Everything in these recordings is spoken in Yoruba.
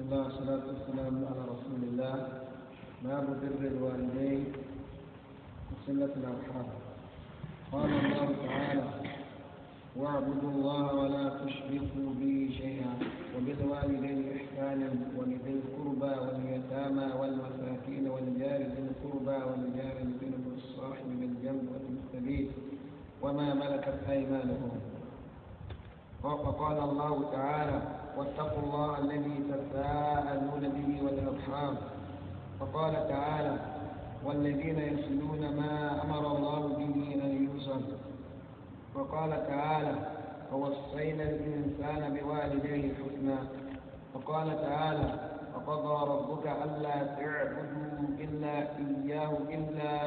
بسم الله والصلاة والسلام على رسول الله باب بر الوالدين وصلة الأرحام قال الله تعالى واعبدوا الله ولا تشركوا به شيئا وبالوالدين إحسانا ولذي القربى واليتامى والمساكين والجار ذي القربى والجار الجنب والصاحب بالجنب وفي السبيل وما ملكت أيمانهم وقال الله تعالى واتقوا الله الذي تساءلون به والأرحام فقال تعالى والذين يصلون ما أمر الله به أن يوصل وقال تعالى ووصينا الإنسان بوالديه حسنا وقال تعالى وقضى ربك ألا تعبدوا إلا إياه إلا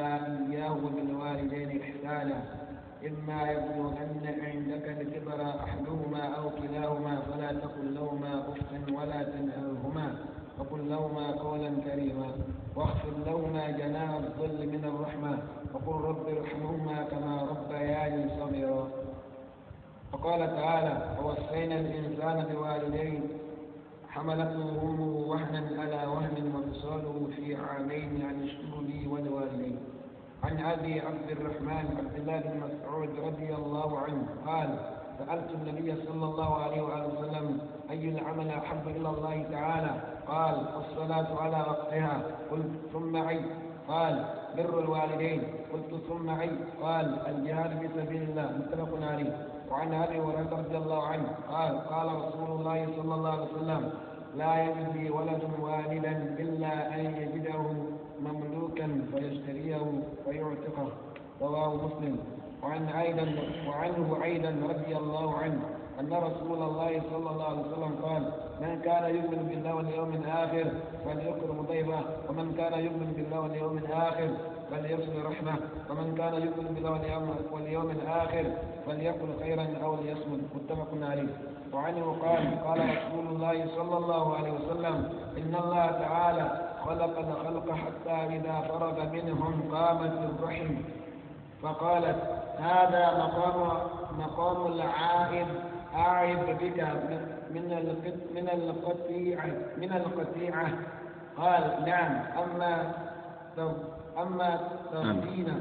إياه وبالوالدين إحسانا إما يبلغن عندك الكبر أحدهما أو كلاهما فلا تقل لهما أفا ولا تنهرهما وقل لهما قولا كريما واخفض لهما جناح الظل من الرحمة وقل رب ارحمهما كما ربياني صغيرا وقال تعالى ووصينا الإنسان بوالديه حملته أمه وهنا على وهن وفصاله في عامين عن اشكر لي ولوالديه عن أبي عبد الرحمن عبد الله بن مسعود رضي الله عنه قال سألت النبي صلى الله عليه وآله وسلم أي العمل أحب إلى الله تعالى قال الصلاة على وقتها قلت ثم عي قال بر الوالدين قلت ثم عي قال الجهاد في سبيل الله متفق عليه وعن أبي هريرة رضي الله عنه قال قال رسول الله صلى الله عليه وسلم لا يجزي ولد والدا إلا أن يجده مملوكا فيشتريه فيعتقه رواه مسلم وعن عيدا وعنه عيدا رضي الله عنه أن رسول الله صلى الله عليه وسلم قال من كان يؤمن بالله واليوم الآخر فليكرم ضيفه ومن كان يؤمن بالله واليوم الآخر فليصل رحمة ومن كان يؤمن بالله واليوم, واليوم الآخر فليقل خيرا أو ليصمت متفق عليه وعنه قال قال رسول الله صلى الله عليه وسلم إن الله تعالى خلق الخلق حتى إذا فرغ منهم قامت الرحم فقالت هذا مقام مقام العائد أعد بك من من القطيعة من القطيعة قال نعم أما أما نعم. ترضين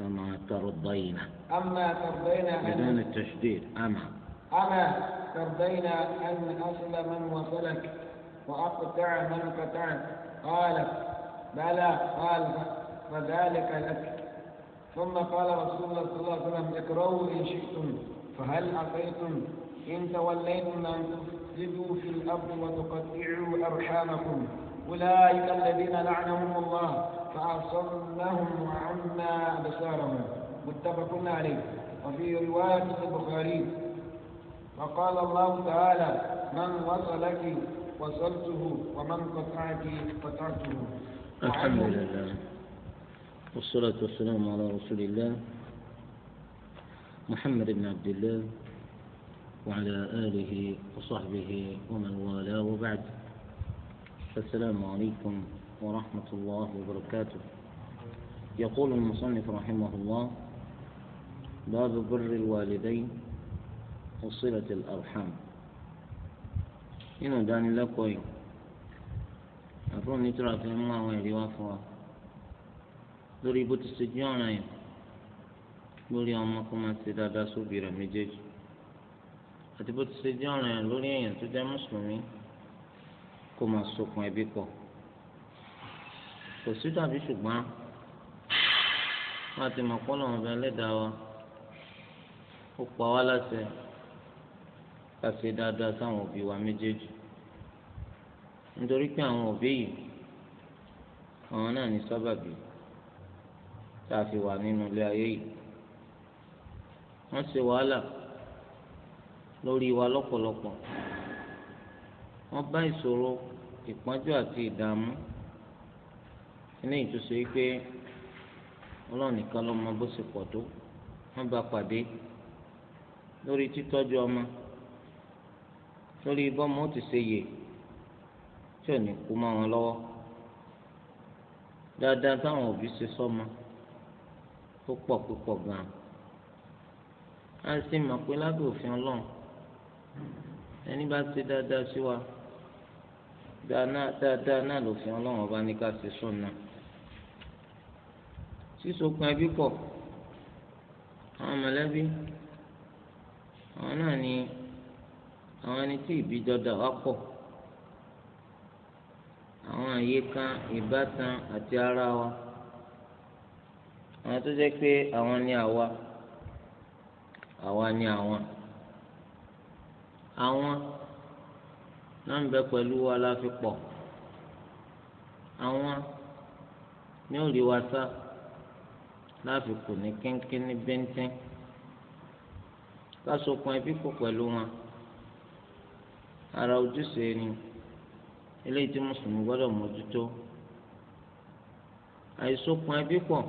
أما ترضين أما ترضين بدون التشديد أما أما ترضين أن أصل من وصلك وأقطع من قطعت قال بلى قال فذلك لك ثم قال رسول الله صلى الله عليه وسلم اقرؤوا إن شئتم فهل أتيتم إن توليتم أن تفسدوا في الأرض وتقطعوا أرحامكم أولئك الذين لعنهم الله فأصلهم وعمى أبصارهم متفق عليه وفي رواية البخاري وقال الله تعالى من وصلك وصلته ومن قطعتي قطعته الحمد لله والصلاة والسلام على رسول الله محمد بن عبد الله وعلى آله وصحبه ومن والاه وبعد السلام عليكم ورحمة الله وبركاته يقول المصنف رحمه الله باب بر الوالدين وصلة الأرحام nínú ìdánilẹ́kọ̀ọ́ yìí àfọ nítorí àti mú àwọn ẹ̀rí wá fún wa lórí bó ti ṣe jẹ́ ọ̀ràn yìí lórí ọmọ kó máa ṣe dáadáa sóbì rẹ̀ méjèèjì àti bó ti ṣe jẹ́ ọ̀ràn yìí lórí èèyàn tó jẹ́ mùsùlùmí kó máa sokùn ẹbí pọ̀ kò sí dàbí ṣùgbọ́n wọn àti mọ̀pọ́lọ́ wọn bẹ lẹ́dàá wa ó pa wá láṣẹ. ká ṣe dáadáa sáwọn òbí wa méjèèjì nítorí pé àwọn òbí yìí àwọn náà ní sábàbí tá a fi wà nínú ilé ayé yìí wọ́n ṣe wàhálà lórí wa lọpọlọpọ wọ́n bá ìṣòro ìpọ́njú àti ìdààmú ní ìtúsọ pé ọlọ́run nìkan ló mọ bó ṣe pọ̀ tó wọn bá pàdé lórí títọ́jú ọmọ. lórí bọ́mọ ó ti ṣe yè tí ò ní kú mọ́ wọn lọ́wọ́ dáadáa táwọn òbí ṣe sọ́mọ tó pọ̀ púpọ̀ gan-an a sì mọ̀ pé lábẹ́ òfin ọlọ́run ẹni bá ṣe dáadáa sí wa dáadáa náà lòfin ọlọ́run ọba ní ká ṣe sùn náà sísokun ẹbí pọ̀ àwọn mọ̀lẹ́bí àwọn náà ni àwọn ẹni tí ìbíjọ dà wá pọ̀ àwọn àyíká ìbátan àti ara wa àwọn tó jẹ́ pé àwọn ni àwa àwa ni àwọn àwọn náà ń bẹ pẹ̀lú wa la fi pọ̀ àwọn ní òrì wa sá láfi kù ní kínkín ní bíntín ká sokun ẹbí pọ̀ pẹ̀lú wọn. ara ojúṣe ni eléyìí tí mùsùlùmí gbọ́dọ̀ mójútó àìsókun ẹbí pọ̀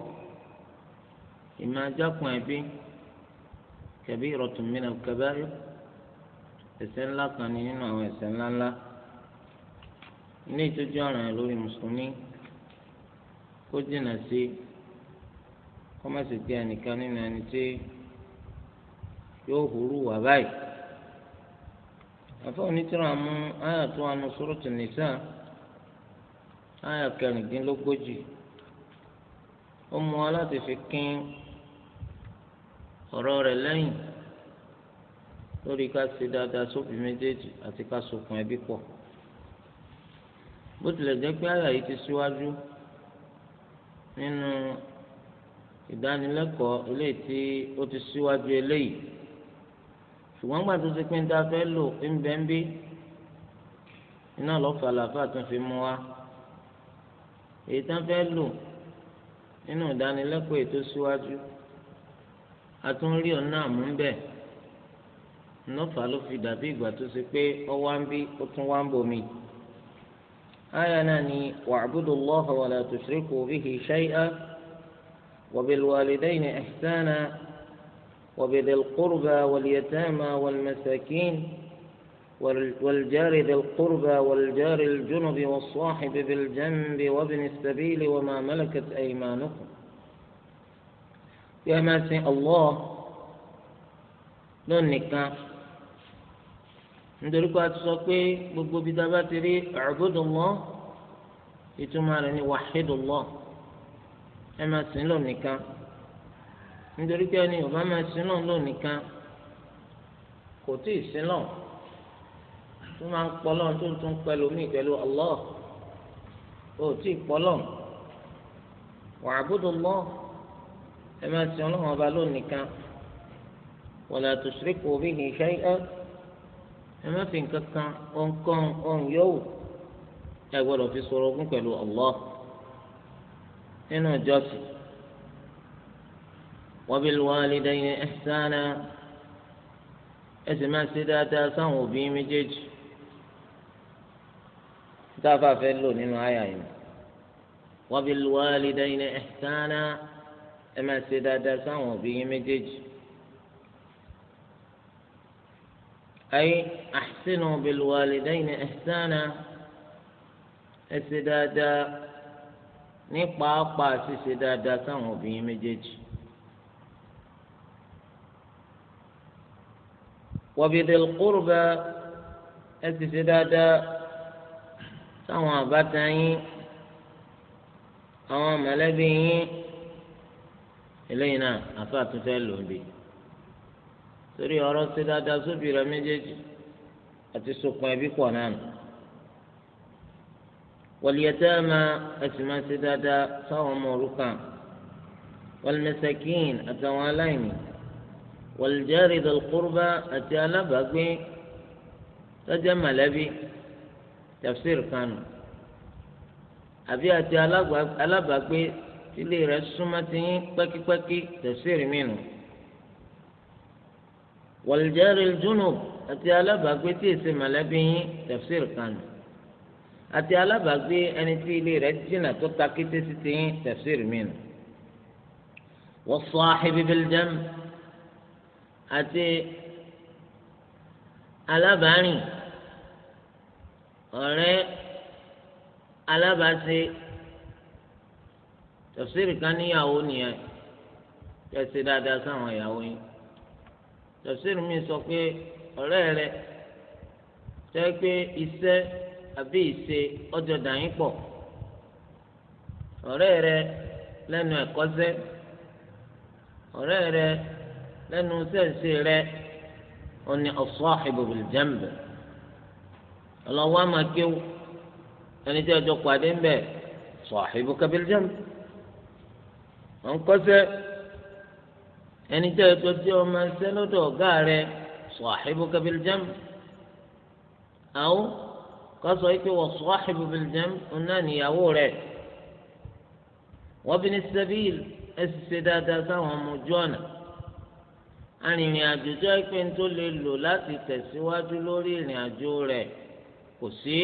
ìmọ̀ ajákun ẹbí kẹbí ìrọ̀tùmínà kẹbẹ́rẹ́ ẹ̀ṣẹ̀ ńlá kan ni nínú àwọn ẹ̀ṣẹ̀ ńláńlá ilé ìtọ́jú ọ̀ràn ẹ̀ lórí mùsùlùmí kó jìnnà sí kọ́mọ̀sì pé ẹnìkan nínú ẹni tí yóò hurú wà afọ onítìrà mú àyà tó wà ní suratul nisa àyà kẹrìndínlógójì ó mú wa láti fi kín ọ̀rọ̀ rẹ̀ lẹ́yìn lórí ká ṣe dáadáa sóbì méjèèjì àti ká sokùn ẹbí pọ̀ bó tilẹ̀ jẹ́ pé àyà yìí ti síwájú nínú ìdánilẹ́kọ̀ọ́ eléyìí tí ó ti síwájú eléyìí. ṣùgbọ́n gbà tó ṣe pé ń ta fẹ́ lò ń bẹ́ ń bí iná lọ́ọ́ fàlàfà tó fi mú wa èyí tá fẹ́ lò nínú a tún rí ọ̀nà àmú ń bẹ̀ ló fi dàbí ìgbà tó ṣe pé ọ wá ń bí ó tún wá ń bomi. آية ناني واعبدوا وبذي القربى واليتامى والمساكين والجار ذي القربى والجار الجنب والصاحب بالجنب وابن السبيل وما ملكت أيمانكم يا ماسي الله لنك nítorí pé a ti sọ pé gbogbo ibi الله a bá ti nítorí pé ẹni ọba máa sin náà lónìí kan kò tí ì sin náà tó máa ń pọlọ tó ń tún pẹ̀lú mí pẹ̀lú Allah ò tí ì pọlọ wa'budu Allah ẹ máa sin Ọlọ́run ọba lónìí kan wala tushriku bihi shay'an ẹ má fi nǹkan kan ọ̀nkàn ọ̀nyọ́wò ẹ gbọ́dọ̀ fi sọ̀rọ̀ ogún pẹ̀lú Allah nínú ìjọsìn. وبالوالدين إحسانا اسمع سيداتا سانو بي مجيجي táfà fẹ́ lò nínú àyà yìí wa bil walidayni ihsana ẹ máa ṣe dáadáa sáwọn òbí yín méjèèjì. ay ahsinu bil walidayni ihsana ẹ ṣe dáadáa ní pàápàá ṣíṣe dáadáa sáwọn òbí yín méjèèjì. وبذي القربى ẹsìsìdáadáa sáwọn àbáta yín àwọn mọ̀lẹ́bí yín eléyìí náà àfa àtúntò ẹ̀ lòdì torí ọ̀rọ̀ sí dáadáa sóbì rẹ méjèèjì àti sokun ẹbí pọ̀ náà nù wàlíyàtàmà ẹsì máa ṣe dáadáa sáwọn ọmọ òrukàn wàlímẹsàkín àtàwọn aláìní wọ̀lùjẹ́rì dọ̀lùkúrúbá àti alábàágbé tọ́jà mọ̀lẹ́bí tafsir kanu àbí àti alábàágbé tílé rẹ̀ súnmọ́ ti yín pẹ́kípẹ́kí tafsir mìíràn wọ̀lùjẹ́rì dùnúb àti alábàágbé tí èsì mọ̀lẹ́bí yín tafsir kanu àti alábàágbé ẹni tí ilé rẹ̀ jìnnà tó ta kété sí ti yín tafsir mìíràn wọ́n sọ àhìbíbí jẹ́mu àti alábàárìn ọ̀rẹ́ alábàáṣe tafsiri kan níyàwó nìyẹn tẹ̀sí dáadáa sáwọn ìyàwó yín tafsiri mi sọ pé ọ̀rẹ́ rẹ tẹ́ pé iṣẹ́ àbí ìṣe ọjọ́ dàyín pọ̀ ọ̀rẹ́ rẹ lẹ́nu ẹ̀kọ́ṣẹ́ ọ̀rẹ́ rẹ lẹ́nu sẹ́ǹsì rẹ ó ní as-sahibu bil-janb ọlọ́wọ́ máa kéwù ẹni tí ọjọ́ pàdé ń bẹ̀ sahibuka bil-janb ọ̀n kọ́sẹ́ ẹni tí ọjọ́ tí ọmọ ẹsẹ́ lọ́dọ̀ ọ̀gá rẹ sahibuka bil-janb àwọn kọ́sọ ike wọ sahibu bil-janb ọ̀nà níyàwó rẹ wa ibn as-sabil ẹ̀sì dáadáa sáwọn ọmọ ojú ọ̀nà arìnrìnàjò jẹ́ pé tó lè lò láti tẹ̀síwájú lórí ìrìnàjò rẹ̀ kò sí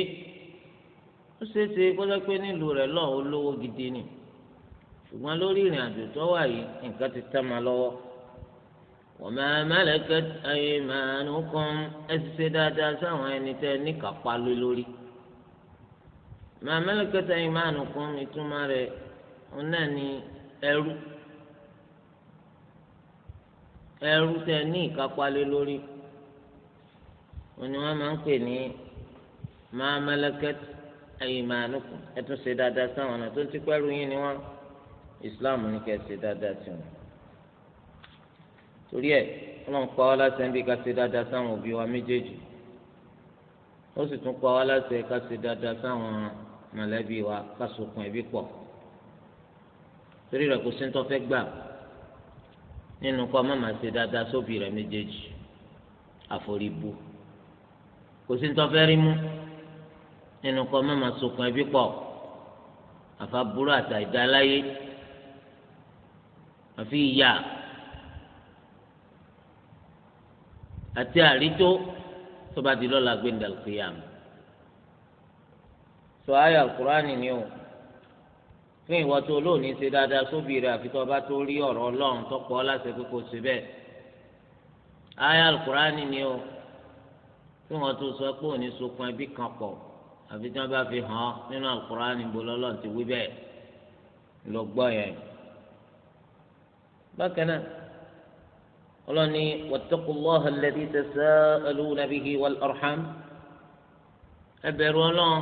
ó ṣeéṣe kó jẹ́ pé nílùú rẹ̀ lọ́ọ̀ olówó gidi ni ṣùgbọ́n lórí ìrìnàjò tó wà yìí nǹkan ti tẹ́ ma lọ́wọ́ wa ma malakat aymanukum ẹ ti ṣe dáadáa sáwọn ẹni tẹ́ níkàpá lé lórí ma malakat aymanukum ìtumọ̀ rẹ̀ ọ̀nà ni ẹrú. E ẹrú tẹ ní ìkápá lé lórí wọn ni wọn máa ń pè ní máa mẹlẹkẹt aymanukum ẹ tún ṣe dáadáa sáwọn ọ̀nà tó ń tipẹ́ ru yín ni wọn islam ní kẹ́ ẹ ṣe dáadáa sí wọn. torí ẹ ọlọ́run pa wá láṣẹ bí ká ṣe dáadáa sáwọn òbí wa méjèèjì ó sì tún pa wá láṣẹ ká ṣe dáadáa sáwọn mọ̀lẹ́bí wa ká sokùn ẹbí pọ̀ torí rẹ̀ kò sí ní tó fẹ́ gbà nínú kọ́ mọ̀mọ́ ṣe dáadáa sóbì rẹ̀ méjèèjì àforíbu kò sí ntọ́fẹ́ rí mú nínú kọ́ mọ̀mọ́ sokùn ẹbí pọ̀ àfàbúrò àtà ìdáláyé àfi ìyá àti àrító tó bá di lọ́la gbẹ̀ndàlùkìyàmù sọ ayé alukurani ni o. So, fún ìwọ tó lóòní ṣe dáadáa sóbì rẹ àfi tó o bá tó rí ọ̀rọ̀ Ọlọ́run tó pọ̀ láti pé kó ṣe bẹ́ẹ̀ aya alukurani ni o tí wọn tó sọ pé òní sokun ẹbí kan pọ̀ àfi tí wọn bá fi hàn nínú alukurani bó lọ́lọ́run ti wí bẹ́ẹ̀ lọ gbọ́ yẹn bákan náà ọlọ́ni wàtẹ́kùlọ́hà lẹ́dí tẹ̀sán ẹlú nàbíyí wàlúhàm ẹbẹ̀rù Ọlọ́run.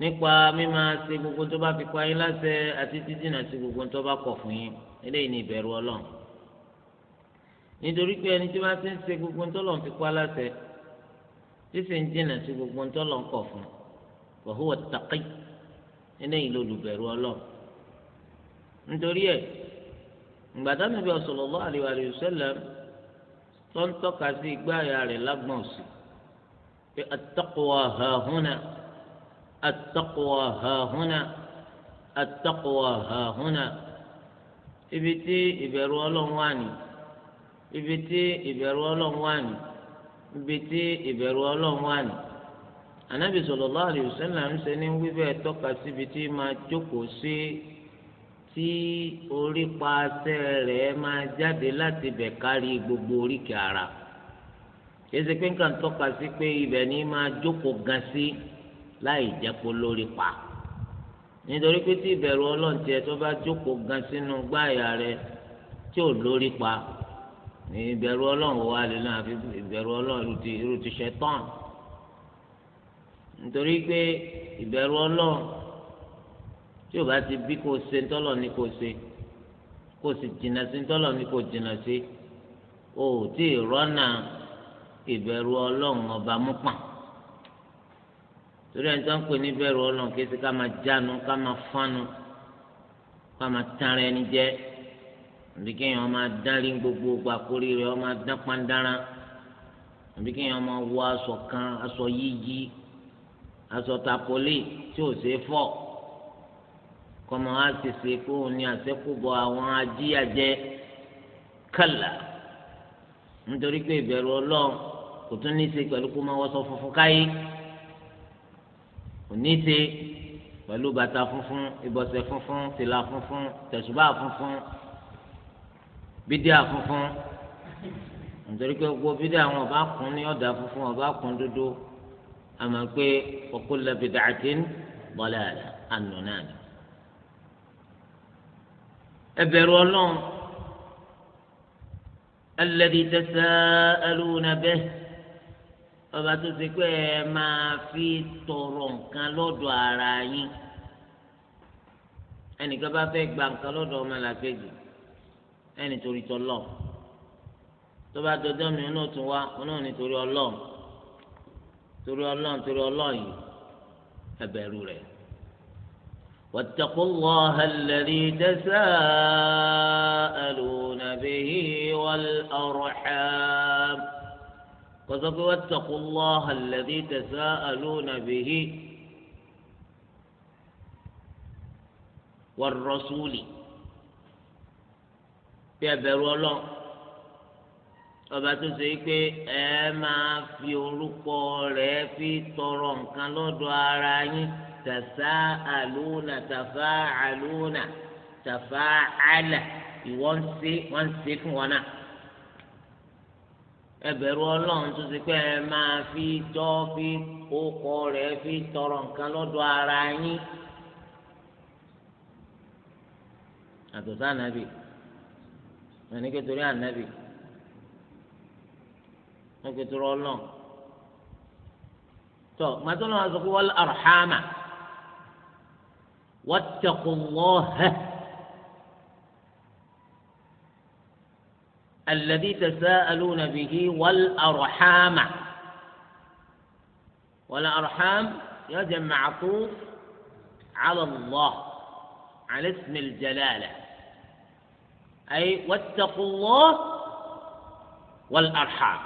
nípa mímá ṣe gbogbo tó bá fi pa yín láṣẹ àti títìnà sí gbogbo tó bá kọ̀ fún yín eléyìí ni ìbẹ̀rù Ọlọ́run nítorí pé ẹni tí wọ́n ti ń ṣe gbogbo tó lọ́n fi pa láṣẹ tí sì ń jìnà sí gbogbo tó lọ́n kọ̀ fún wa huwa taqi eléyìí lolùbẹ̀rù Ọlọ́run nítorí ẹ̀ ìgbàdá Nabi sallallahu alaihi wasallam tó ń tọ́ka sí igbá àyà rẹ̀ lágbọ̀n òsì pé at-taqwa hahuna. التقوى ها هنا التقوى ها هنا ibi tí ìbẹ̀rù ọlọ wà ibi tí ìbẹ̀rù ọlọ́run wà ibi tí ìbẹ̀rù ọlọ́run wà ní. ànábì sallallahu alaihi wasallam ń ṣe ní wíwẹ́ tọ́ka síbi tí máa jókòó sí tí jáde láti bẹ̀ kárí gbogbo oríkèé ara. kì ṣe pé nǹkan tọ́ka sí pé ni máa jókòó gan láì jẹ́pó lórí pa nítorí pé tí ìbẹ̀rù ọlọ́ọ̀tì ẹ tó bá jókòó gan sínú gbáàyà rẹ tí ò lórí pa ní ìbẹ̀rù ọlọ́run wà lẹ́nu àfi ìbẹ̀rù ti irú ti ṣe tán nítorí pé ìbẹ̀rù tí ti bí kò se ńtọ́lọ̀ ni kò ṣe kò sì o tí ì rọ́nà ìbẹ̀rù ọba mú torí ẹni tó ń pè ní bẹ̀rù ọlọ́run kí ẹ ti ká máa jánu ká máa fánu ká máa tara ẹni jẹ àbí kéèyàn máa dárí gbogbo gbàkórí rẹ ọ máa dán pandára àbí kéèyàn máa wọ aṣọ kan aṣọ yíyí aṣọ tapolí tí ò ṣeé fọ kọmọ á ti kó o ní àṣẹkùbọ àwọn ajíyàjẹ kàlà nítorí pé ìbẹ̀rù ọlọ́run kò tún ní í ṣe pẹ̀lú kó máa wọṣọ funfun káyé òní ṣe pẹ̀lú bàtà funfun ìbọ̀sẹ̀ funfun tìlà funfun tẹ̀sùbà funfun bídíà funfun nítorí pé gbogbo bídíà wọn ọba kún ní ọ̀dà funfun ọba kún dúdú àmọ́ pé ọkọ lẹ́bi dàtín bọ́lá àná náà ni. ẹbẹ̀rù ọlọ́run alladhi tasa'aluna bihi ọba tó ṣe pé ẹ máa fi tọrọ nǹkan lọ́dọ̀ ara yín ẹnìkan bá fẹ́ gba nǹkan lọ́dọ̀ ọmọ làkejì ẹnì torí tọlọ́ọ̀ tó bá dọjọ́ mi náà tún wá náà nítorí ọlọ́ọ̀ torí ọlọ́ọ̀ torí ọlọ́ọ̀ yìí ẹbẹ̀rù rẹ̀. واتقوا الله الذي تساءلون به والأرحام kọsọ pé wattaqullaha alladhi tasa'aluna bihi war-rasuli bí ẹ bẹ̀rù Ọlọ́run ọba tó ṣe pé ẹ máa fi orúkọ rẹ̀ fi tọrọ nǹkan lọ́dọ̀ ara yín tasa'aluna tafa'aluna tafa'ala ìwọ ń ṣe wọn ṣe fún wọn náà ẹbẹ̀rù ọlọ́run tó ṣe pé ẹ máa fi tọ́ fi okọ rẹ̀ fi tọrọ nǹkan lọ́dọ̀ ara yín. àtọ̀tọ̀ ànábì ẹni kẹtọrí ànábì ẹni kẹtọrí ọlọ́run tọ màtọ́nà àzọkọ́ wal arhama wattaqullaha. الذي تساءلون به والأرحام والأرحام يجمع معطوف على الله على اسم الجلالة أي واتقوا الله والأرحام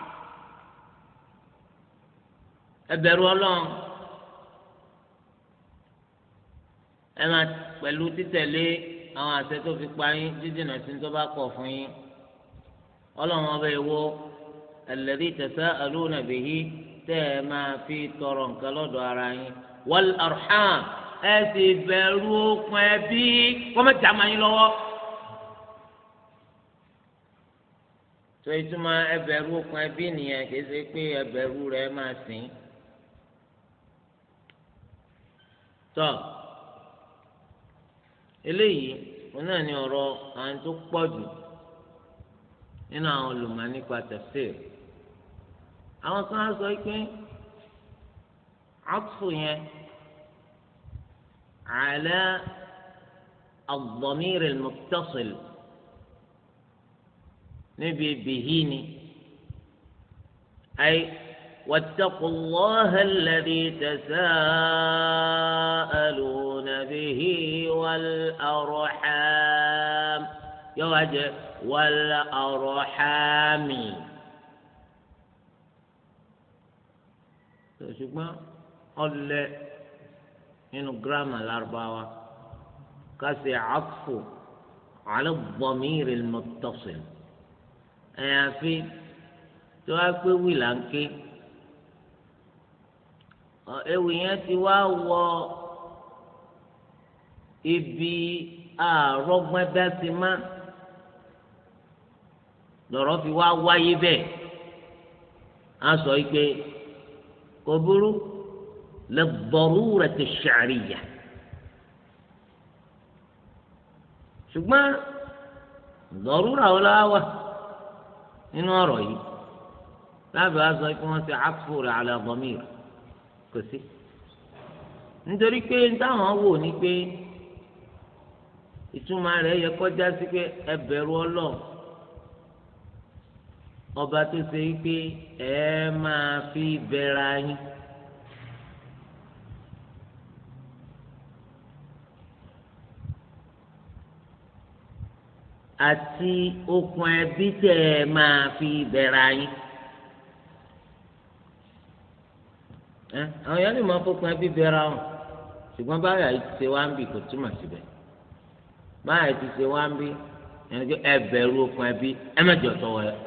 أبروا الله ẹ máa pẹ̀lú títẹ̀lé àwọn àṣẹ tó fi pa jíjìnà sí tó bá kọ̀ fún yín. ọlọ́run ọba ìwọ alladhi tasa'aluna bihi tẹ́ ẹ máa fi tọrọ nǹkan lọ́dọ̀ ara yín wal arham ẹ sì bẹ̀rù okùn ẹbí wọ́n mẹ́ta máa yín lọ́wọ́. tó ìtumọ̀ ẹ okùn ẹbí nìyẹn kì ṣe pé ẹ bẹ̀rù máa sìn. tọ́ eléyìí wọn náà ní ọ̀rọ̀ àwọn tó nínú àwọn olùmọ̀ nípa tafsir àwọn kan á sọ pé ọ̀tún yẹn ala ad-damir al-muttasil níbi bìhí ni ay واتقوا الله الذي تساءلون به والأرحام يواجه wal arhami ṣùgbọ́n ọlẹ nínú gírámà lárúbáwá kásì àfò ala dhamir al muttasil àyàfi tó wá pé wìlà ń ké ewì yẹn ti wá wọ ibi àrọ́gbọ́n dá sí máa lọ̀rọ̀ fi wá wáyé bẹ́ẹ̀ á sọ pé kò burú lad-darurati ash-sha'riyya ṣùgbọ́n dọ̀rúra wọn láwà nínú ọ̀rọ̀ yìí lábẹ́ wa sọ pé wọ́n ti àpò rẹ̀ ala damir kò sí nítorí pé táwọn wò ní pé ìtumọ̀ rẹ̀ yẹ kọjá sí pé ẹ bẹ̀rù ọba tó ṣe é pé ẹ máa fi bẹ̀rẹ̀ yín. àti okùn ẹbí tẹ ẹ máa fi bẹ̀rẹ̀ yín. àwọn yẹn fọkùn ẹbí bẹ̀rẹ̀ ọ̀hún ṣùgbọ́n báyà ti ṣe wá ń bì kò síbẹ̀ báyà ti ṣe wá ń bì ẹ bẹ̀rù okùn ẹbí ẹ má jọ tọwọ́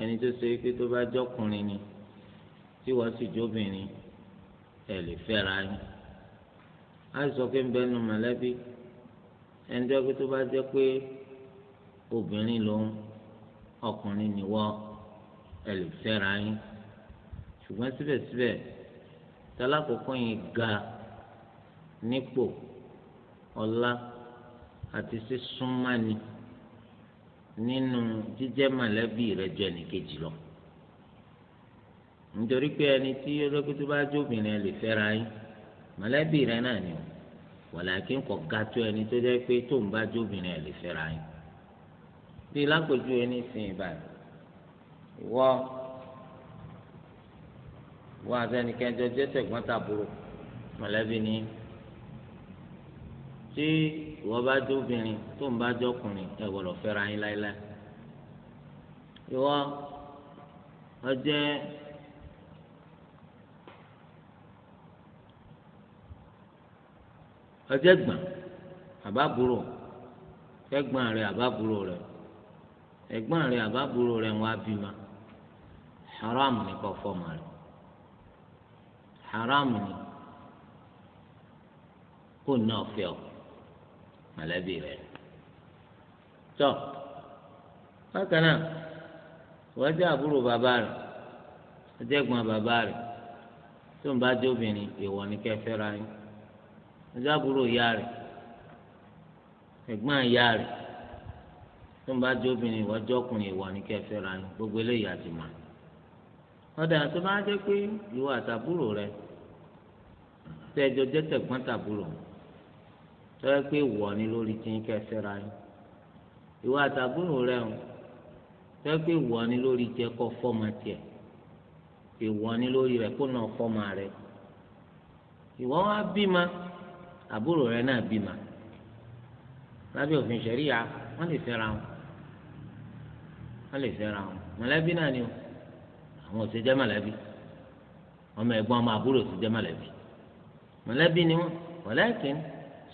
ẹni tó ṣe pé tó bá jọkùnrin ni tí wọ́n sì jóbìnrin ẹ̀ lè fẹ́ra yín á sọ pé ń bẹ nu mọ̀lẹ́bí ẹni tó pé tó bá jẹ́ pé obìnrin lòun ọkùnrin nìwọ ẹ lè fẹ́ra yín ṣùgbọ́n síbẹ̀síbẹ̀ tálákòókò yín ga nípò ọlá àti sísúnmáni. Si nínú jíjẹ́ mọ̀lẹ́bí rẹ ju ẹnìkejì lọ nítorí pé ẹni tí olókùtù bá jó obìnrin ẹ lè fẹ́ra yín mọ̀lẹ́bí rẹ náà ni o wàlàkí kò ga tó ẹni tó jẹ́ pé tóun bá jó ẹ lè fẹ́ra yín bí lápòjú ẹni sìn ìbàdàn ìwọ wọ àtẹnikẹ́jọ jẹ́ tẹ̀gbọ́n tàbúrò mọ̀lẹ́bí ni tí ìwọ bá jẹ́ obìnrin tó ń bá jẹ́ ọkùnrin ẹ gbọ́dọ̀ fẹ́ra yín láéláé ìwọ ọjẹ ọjẹ gbọn àbábúrò ẹ̀gbọ́n rẹ àbábúrò rẹ ẹ̀gbọ́n rẹ àbábúrò rẹ wọn á bímọ haram ni kò fọmọ rẹ haram ni kò náà fẹ́ ọ mọ̀lẹ́bí rẹ̀ tọ bákan náà wọ́n jẹ́ àbúrò bàbá rẹ̀ wọ́n jẹ́ ẹ̀gbọ́n bàbá rẹ̀ tó ń bá jẹ́ obìnrin èèwọ̀ ní kẹfẹ́ ra yín wọ́n jẹ́ àbúrò ìyá rẹ̀ ẹ̀gbọ́n ìyá rẹ̀ tó ń bá jẹ́ obìnrin ìwọ́n jẹ́ ọkùnrin èèwọ̀ ní kẹfẹ́ ra yín gbogbo eléyìí àti mà ọ̀dà tó bá jẹ́ pé ìwọ àtàbúrò rẹ̀ tẹ́jọ jẹ́ tẹ̀gbọ́n tàbúrò rẹ̀ tọ́wọ́ pé wọ̀ ni lórí tí ń kẹsẹ̀ ra yín ìwọ àtàbúrò rẹ o tọ́wọ́ pé wọ̀ ni lórí jẹ́ kọ́ fọ́ọ̀mà tiẹ̀ ìwọ ni lórí rẹ kó náà fọ́ọ̀mà rẹ ìwọ wá bímọ àbúrò rẹ náà bímọ lábẹ́ òfin ṣẹ̀ríya wọ́n lè fẹ́ra wọn wọ́n lè fẹ́ra wọn mọ̀lẹ́bí náà ni o àwọn ò jẹ́ mọ̀lẹ́bí ọmọ ẹ̀gbọ́n ọmọ àbúrò ò jẹ́ mọ̀lẹ́bí mọ̀lẹ́bí ni wọ́n wọ̀lẹ́kìn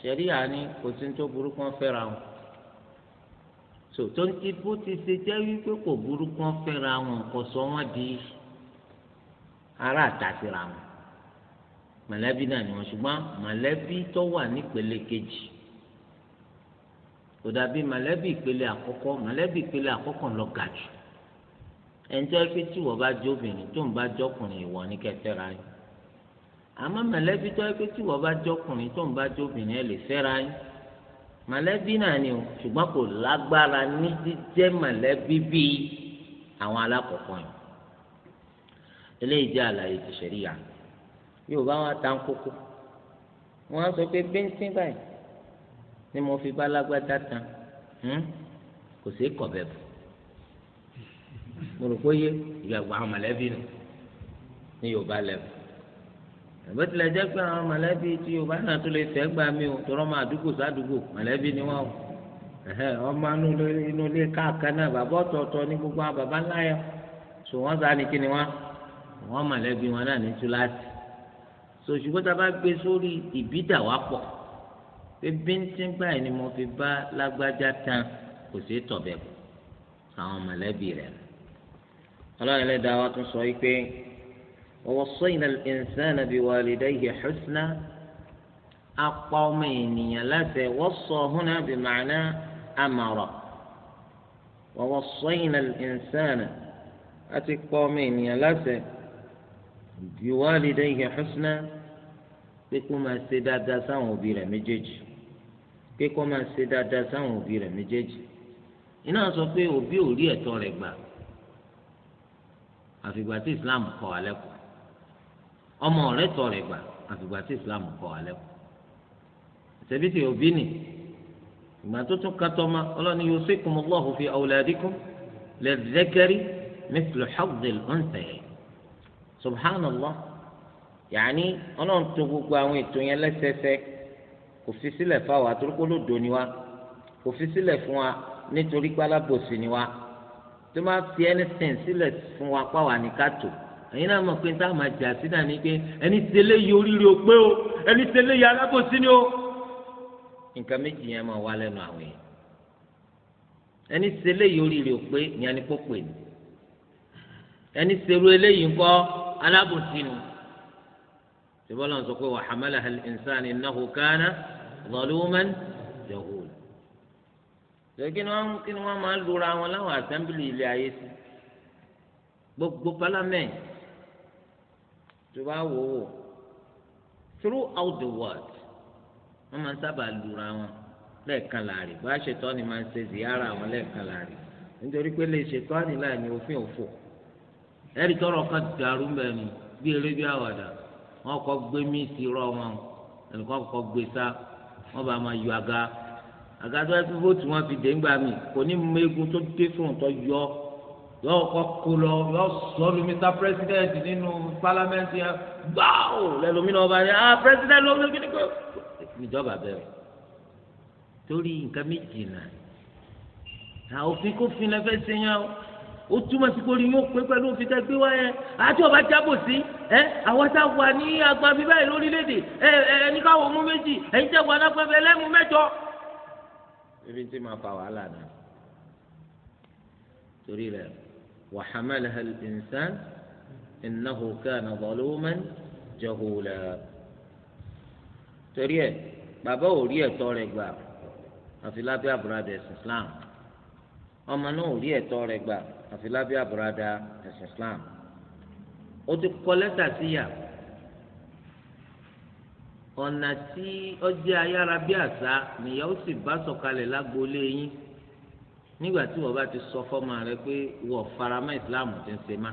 ṣẹ̀ríà ni kò sí tó burú kán fẹ́ra wọn tòótọ́ ti bó ti ṣe jẹ́ wípé kò burú kán fẹ́ra wọn kò sọ wọ́n di ará àtàtìra wọn mọ̀lẹ́bí náà ni wọ́n ṣùgbọ́n mọ̀lẹ́bí tó wà nípele kejì kò dàbí mọ̀lẹ́bí ìpele àkọ́kọ́ mọ̀lẹ́bí ìpele àkọ́kọ́ lọ gà jù ẹnjọ́ pé tí wọ́n bá jẹ́ obìnrin tó ń bá jọkùnrin ìwọ ní kẹtẹ́ra yìí àmọ́ mọ̀lẹ́bí tó yẹ pé tí wọ́n bá jọkùnrin tó ń bá jọbìnrin ẹ lè fẹ́ra yín mọ̀lẹ́bí náà ni o ṣùgbọ́n kò lágbára ní jíjẹ́ mọ̀lẹ́bí bíi àwọn alákọ̀ọ́kọ́ yìí eléyìí jẹ́ àlàyé ti ṣẹ̀ríyà Yorùbá wọn ta ń kókó wọn á sọ pé bíntín báyìí ni mo fi bá lágbádá tan hmm? kò sí kọ̀bẹ̀ bù mo rò pé yé ìyàgbọ́ àwọn mọ̀lẹ́bí nù ní Yorùbá lẹ́bù ẹ̀bẹ́ tilẹ̀ jẹ́ pé àwọn mọ̀lẹ́bí tí Yorùbá náà tó lè fẹ́ gbà mí o tọrọ máa dúgbò sádùgbò mọ̀lẹ́bí ni wọ́n ọmọ inú ilé káàkan náà bàbá ọ̀tọ̀ọ̀tọ̀ ní gbogbo àwọn bàbá ńlá yẹn sọ wọ́n sá ni kí ni wọ́n wọ́n mọ̀lẹ́bí wọn náà ní túláàsì sọ ṣùgbọ́n tá a bá gbé sórí ìbídàwápọ̀ pé bíntín báyìí ni mo fi bá lágbájá tan kò sí tọ̀bẹ̀ àwọn mọ̀lẹ́bí rẹ̀ ọlọ́run ẹlẹ́dàá wa tún sọ yìí pé ووصينا الإنسان بوالديه حسنا أقومين لا وصى هنا بمعنى أمر ووصينا الإنسان أتي الطومين لا بوالديه حسنا بكما سدادا سانو بلا مجيج بكما سدادا سانو بلا مجيج iná sọ pé òbí ò rí ẹ̀tọ́ rẹ̀ gbà Islam kọ́ alẹ́ kọ́ ọmọ rẹ tọ rẹ gbà àfìgbà tí islam kọ́ alẹ́ kù ṣebí ti òbí nì ìgbà tó tún katọ́ ma ọlọ́ni yusikumullahu fi awladikum lidhakari mithlu hazzil unthayayn subhanallah yàní ọlọ́run tó gbogbo àwọn ètò yẹn lẹ́sẹẹsẹ kò fi sílẹ̀ fáwọn àtúrúkọ́ lòdò ni wa kò fi sílẹ̀ fún wa nítorí pálábòsì ni wa tó máa fi anything sílẹ̀ fún wa pàwọn àníkàtò ẹ̀yin náà mọ̀ pé táwọn máa jà sí náà ni pé ẹni tẹ́lẹ̀ yìí oríire ò pé o ẹni tẹ́lẹ̀ yìí alábòsí ni o nǹkan méjì yẹn máa wá lẹ́nu àwọn yẹn ẹni ṣe eléyìí oríire ò pé ní ẹni pópè ní ẹni ṣerú eléyìí ńkọ́ alábòsí nu ṣùgbọ́n lọ́n sọ pé wa hamalaha al-insan innahu kana zaluman jahula kí ni wọ́n kí ni wọ́n máa ń lura wọn láwọn assembly ilé ayé sí gbogbo parliament tó bá wò wò throughout the world wọ́n máa ń sábà lura wọn lẹ́ẹ̀kan láàrin bá ṣètọ́ ni máa ń ṣe ziyara wọn lẹ́ẹ̀kan láàrin nítorí pé lè ṣètọ́ àníláà ní òfin òfò ẹ̀rí tọrọ kan dàrú mẹ́rin bí eré bí àwàdà wọn kọ́ gbé mí sí rọ wọn ẹnìkan kọ́ gbé sá wọn bá máa yọ àga àga tó ẹ fi vóòtù wọn fi dé ńgbà mí kò ní mú egun tó dé fún un tó yọ ọ́ yọ kọ kó lọ yọ sọlù mr president nínú parliament yẹn gbáò lẹlòmínà ọba yẹn ah president lọmọ kí ni kò níjọba bẹ̀rẹ̀ torí nǹkan méjì náà àwọn òfin kò fin lẹfẹ ṣe yẹn o ó túmọ̀ sí kórìí yóò pé pẹ̀lú òfin tẹ́ gbé wá yẹn àti ọba jábò sí ẹ àwọn tá a wà ní agba bíbá yìí lórílẹ̀‐èdè ẹ ẹ ẹni káwọ́ mú méjì ẹ̀yin tẹ́ wà lápẹ́fẹ́ ẹlẹ́mú mẹ́jọ. ebi tí máa fa wàhálà náà torí rẹ̀. وحملها الإنسان إنه كان ظلوما جهولا تريه بابا وريه طارق باب àfi lábẹ́ àbúradà ẹ̀sìn islam ọmọ náà ò rí ẹ̀tọ́ rẹ̀ gbà àfi lábẹ́ àbúradà ẹ̀sìn islam ó ti kọ lẹ́tà síyà ọ̀nà tí ọjẹ́ ayára bí àṣá nìyàwó sì bá sọ̀kalẹ̀ lágboolé yín nígbà tí wọ́n bá ti sọ fọ́mọ rẹ pé wọ́n faramọ́ ìsìláàmù ti ń ṣe má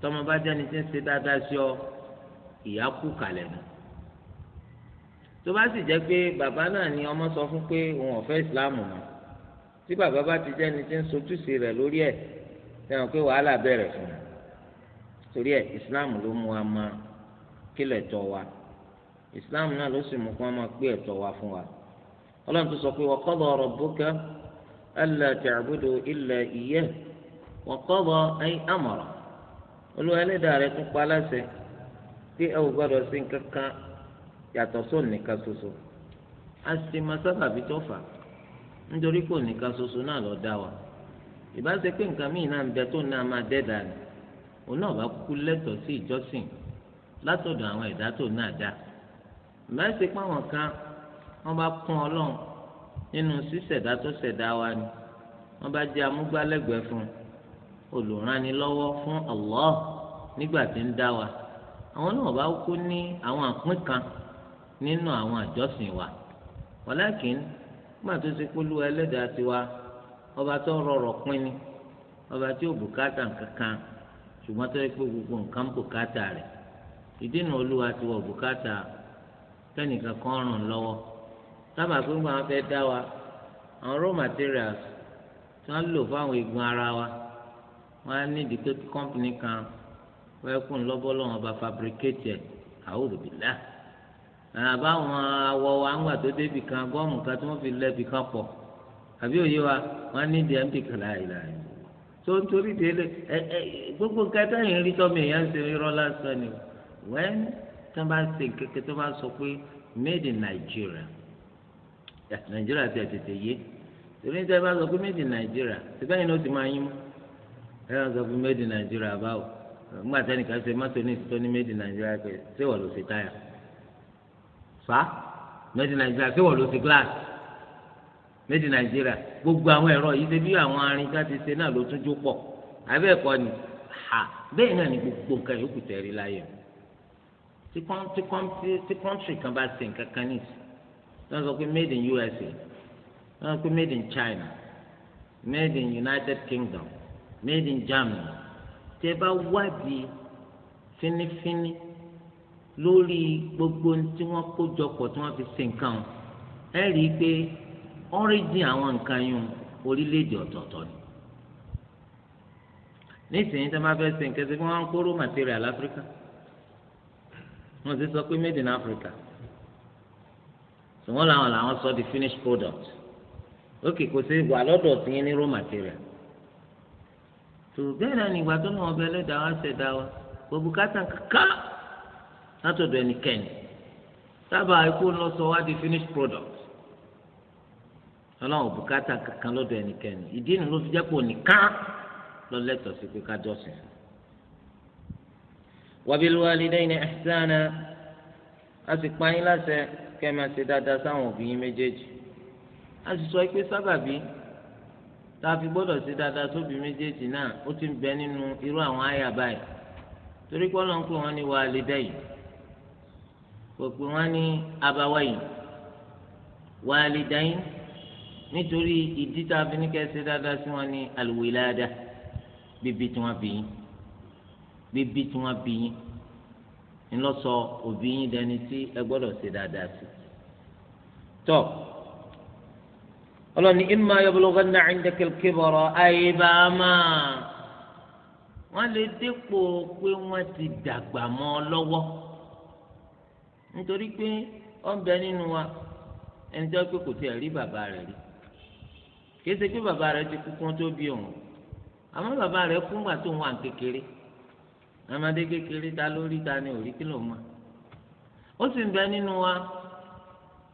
tọmọ bá jẹ́ni ti ń ṣe dáadáa sí ọ ìyá kú kalẹ̀ nù tó bá sì jẹ́ pé bàbá náà ni ọmọ sọ fún pé òun ọ̀fẹ́ ìsìláàmù mọ́ tí bàbá bá ti jẹ́ni ti ń sojúṣe rẹ̀ lórí ẹ̀ sẹ́wọ̀n pé wàhálà bẹ̀rẹ̀ fún un torí ẹ̀ ìsìláàmù ló mú wa máa kílẹ̀ tọ́ wa ìsìláàmù náà ló sì mú kí wọ́n máa pé ẹ̀tọ́ wa fún wa ọlọ́run tó sọ pé wa qada rabbuka ألا تعبدوا إلا إياه وقضى أي أمر olùwẹ̀lẹ̀ dàrẹ́ tún pa aláṣẹ tí ise, ò gbọ́dọ̀ sí kankan yàtọ̀ sóò nìkan a sì máa sábàbí tó fà nítorí pé na lọ dá wa ìbá ṣe pé nǹkan míì náà ń ma tó nínú sísẹ̀dá tó ṣẹ̀dá wa ni wọ́n bá jẹ́ amúgbálẹ́gbẹ̀ẹ́ fún olùrànilọ́wọ́ fún Allah nígbà tí ń dá wa àwọn náà bá kú ní àwọn àpín kan nínú àwọn àjọsìn wa walakin nígbà tó ṣe pé olúwa ẹlẹ́dàá ti ọba tó rọrọ̀ pín ni ọba tí ò bùkátà kankan ṣùgbọ́n tó yẹ pé gbogbo nǹkan bùkátà rẹ̀ ìdí nu olúwa ti wọ̀ bùkátà kẹ́nìkan kan ràn lọ́wọ́ sábà pé wọn fẹ́ dá wa àwọn raw materials tí wọ́n lò fáwọn eegun ara wa wọ́n á ní ìdíkẹ́ kọ́mpìnì kan wọ́n kún lọ́bọ́lọ́wọ́n bá fabricate ẹ̀ àwòrán àbáwọn awọ wa ń gbà tó débì kan gọ́ọ̀mù kan tí wọ́n fi lẹ́bì kan pọ̀ àbí òye wa wọ́n ní ìdí mp kan láìláì tó ń torí délé ẹ ẹ gbogbo kẹta yìí ń rí tọ́mì èèyàn ń ṣe irọ́ lásán ni wẹ́n tó bá ṣe kẹ̀kẹ́ tó bá sọ pé made in Nigeria nàìjíríà ti àtètè yé torí níta bá sọ pé méjì nàìjíríà síbẹ̀ yìí ló ti máa yín mú ẹ bá sọ pé méjì nàìjíríà báwo nígbà tí ẹnìkan ṣe mọ́tò ní ìtọ́ ní méjì nàìjíríà pé ṣé wọ́n ló ṣe táyà fa méjì nàìjíríà ṣé wọ́n ló ṣe glass méjì nàìjíríà gbogbo àwọn ẹ̀rọ yìí ṣe bí àwọn arin ká ti ṣe náà ló tún jó pọ̀ àbẹ́ ẹ̀kọ́ ni ha bẹ́ẹ̀ náà ni gbogbo nǹkan yòókù tẹ̀rí láyé tí kọ́ńtì kan bá ṣe nǹkan kan ní wọ́n sọ pé made in USA wọ́n sọ pé made in China made in United Kingdom made in Germany tẹ́ bá wádìí fínífíní lórí gbogbo tí wọ́n kó jọpọ̀ tí wọ́n fi ṣe nǹkan ẹ rí i pé ọ́ríjìn àwọn nǹkan yìí orílẹ̀-èdè ọ̀tọ̀ọ̀tọ̀ ni nísìnyí tó máa fẹ́ ṣe nǹkan tí wọ́n kóró material Africa wọ́n ti sọ pé made in Africa ìwọ́n làwọn làwọn sọ di finished product lókè kò sí wà lọ́dọ̀ tí yẹn ní raw material tó bẹ́ẹ̀ náà nígbà tó náà ọbẹ̀ ẹlẹ́dàá wá ṣẹ̀dá wa gbogbo kátà kíkà látọ̀dọ̀ ẹnikẹ́ni sábàá ikú lọ sọ wá di finished product ọlọ́run bùkátà kankan lọ́dọ̀ ẹnikẹ́ni ìdí nu ló fi jẹ́ pò nìkan lọ lẹ́tọ̀ọ́ sí pé kájọ́ sìn. wa bil walidayni ihsana a sì pa yín láṣẹ kẹ́ máa ṣe dáadáa sáwọn òbí yín méjèèjì a sì sọ pé sábàbí tá a fi gbọ́dọ̀ ṣe dáadáa sóbí méjèèjì náà ó ti ń bẹ nínú irú àwọn àyà báyìí torí pé ọlọ́run pé wọ́n ní wà á lè dẹ́ yìí kò pé wọ́n ní abawá yìí wà lè dẹ́ nítorí ìdí tá a fi ní kẹ́ ṣe dáadáa sí wọn ní àlùwìlàdà bíbí tí wọ́n bí yín bíbí tí wọ́n bí yín ńlọ sọ òbí yín dẹni tí ẹ gbọ́dọ̀ ṣe dáadáa sí. tọ́ ọlọ́ni imma yablughanna 'indaka al-kibara aybama wọ́n lè dépò pé wọ́n ti dàgbà mọ́ ọ lọ́wọ́ nítorí pé ó ń bẹ nínú wa ẹni tó pé kò tiẹ̀ rí bàbá rẹ̀ rí kì í ṣe pé bàbá rẹ̀ ti kú kí tó bí òun àmọ́ bàbá rẹ̀ kú ńgbà tó ń wà kékeré amadé kékeré ta lórí ta ni òrí kìlọ̀ mọ́ ó sì ń bẹ nínú wa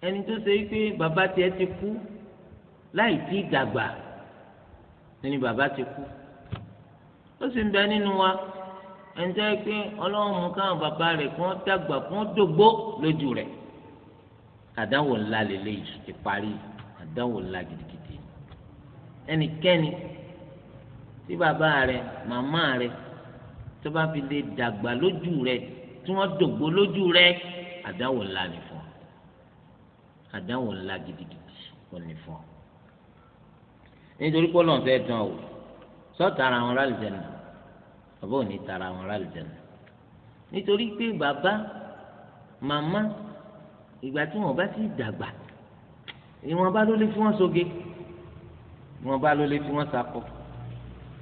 ẹni tó ṣe pé bàbá tiẹ̀ ti kú láì tí dàgbà ni bàbá ti kú ó sì ń bẹ nínú wa ẹni tó ṣe pé ọlọ́run mú káwọn bàbá rẹ̀ kí wọ́n dàgbà kí wọ́n dògbó lójú rẹ̀ àdánwò ńlá lélẹ́yìí ti parí àdánwò ńlá gidigidi ẹnikẹ́ni tí bàbá rẹ̀ màmá rẹ̀ tó bá fi lè dàgbà lójú rẹ tí wọ́n dògbò lójú rẹ àdáwò ńlá ni fún ọ àdáwò ńlá gidigidi wọn ni fún ọ. nítorí pọ́lọ́n fẹ́ tán o sọ tara àwọn rálìjẹ̀nà bàbá ò ní tara àwọn rálìjẹ̀nà nítorí pé bàbá màmá ìgbà tí wọn bá ti dàgbà ìwọn bá ló lè fi wọn soge ìwọn bá ló lè fi wọn sakọ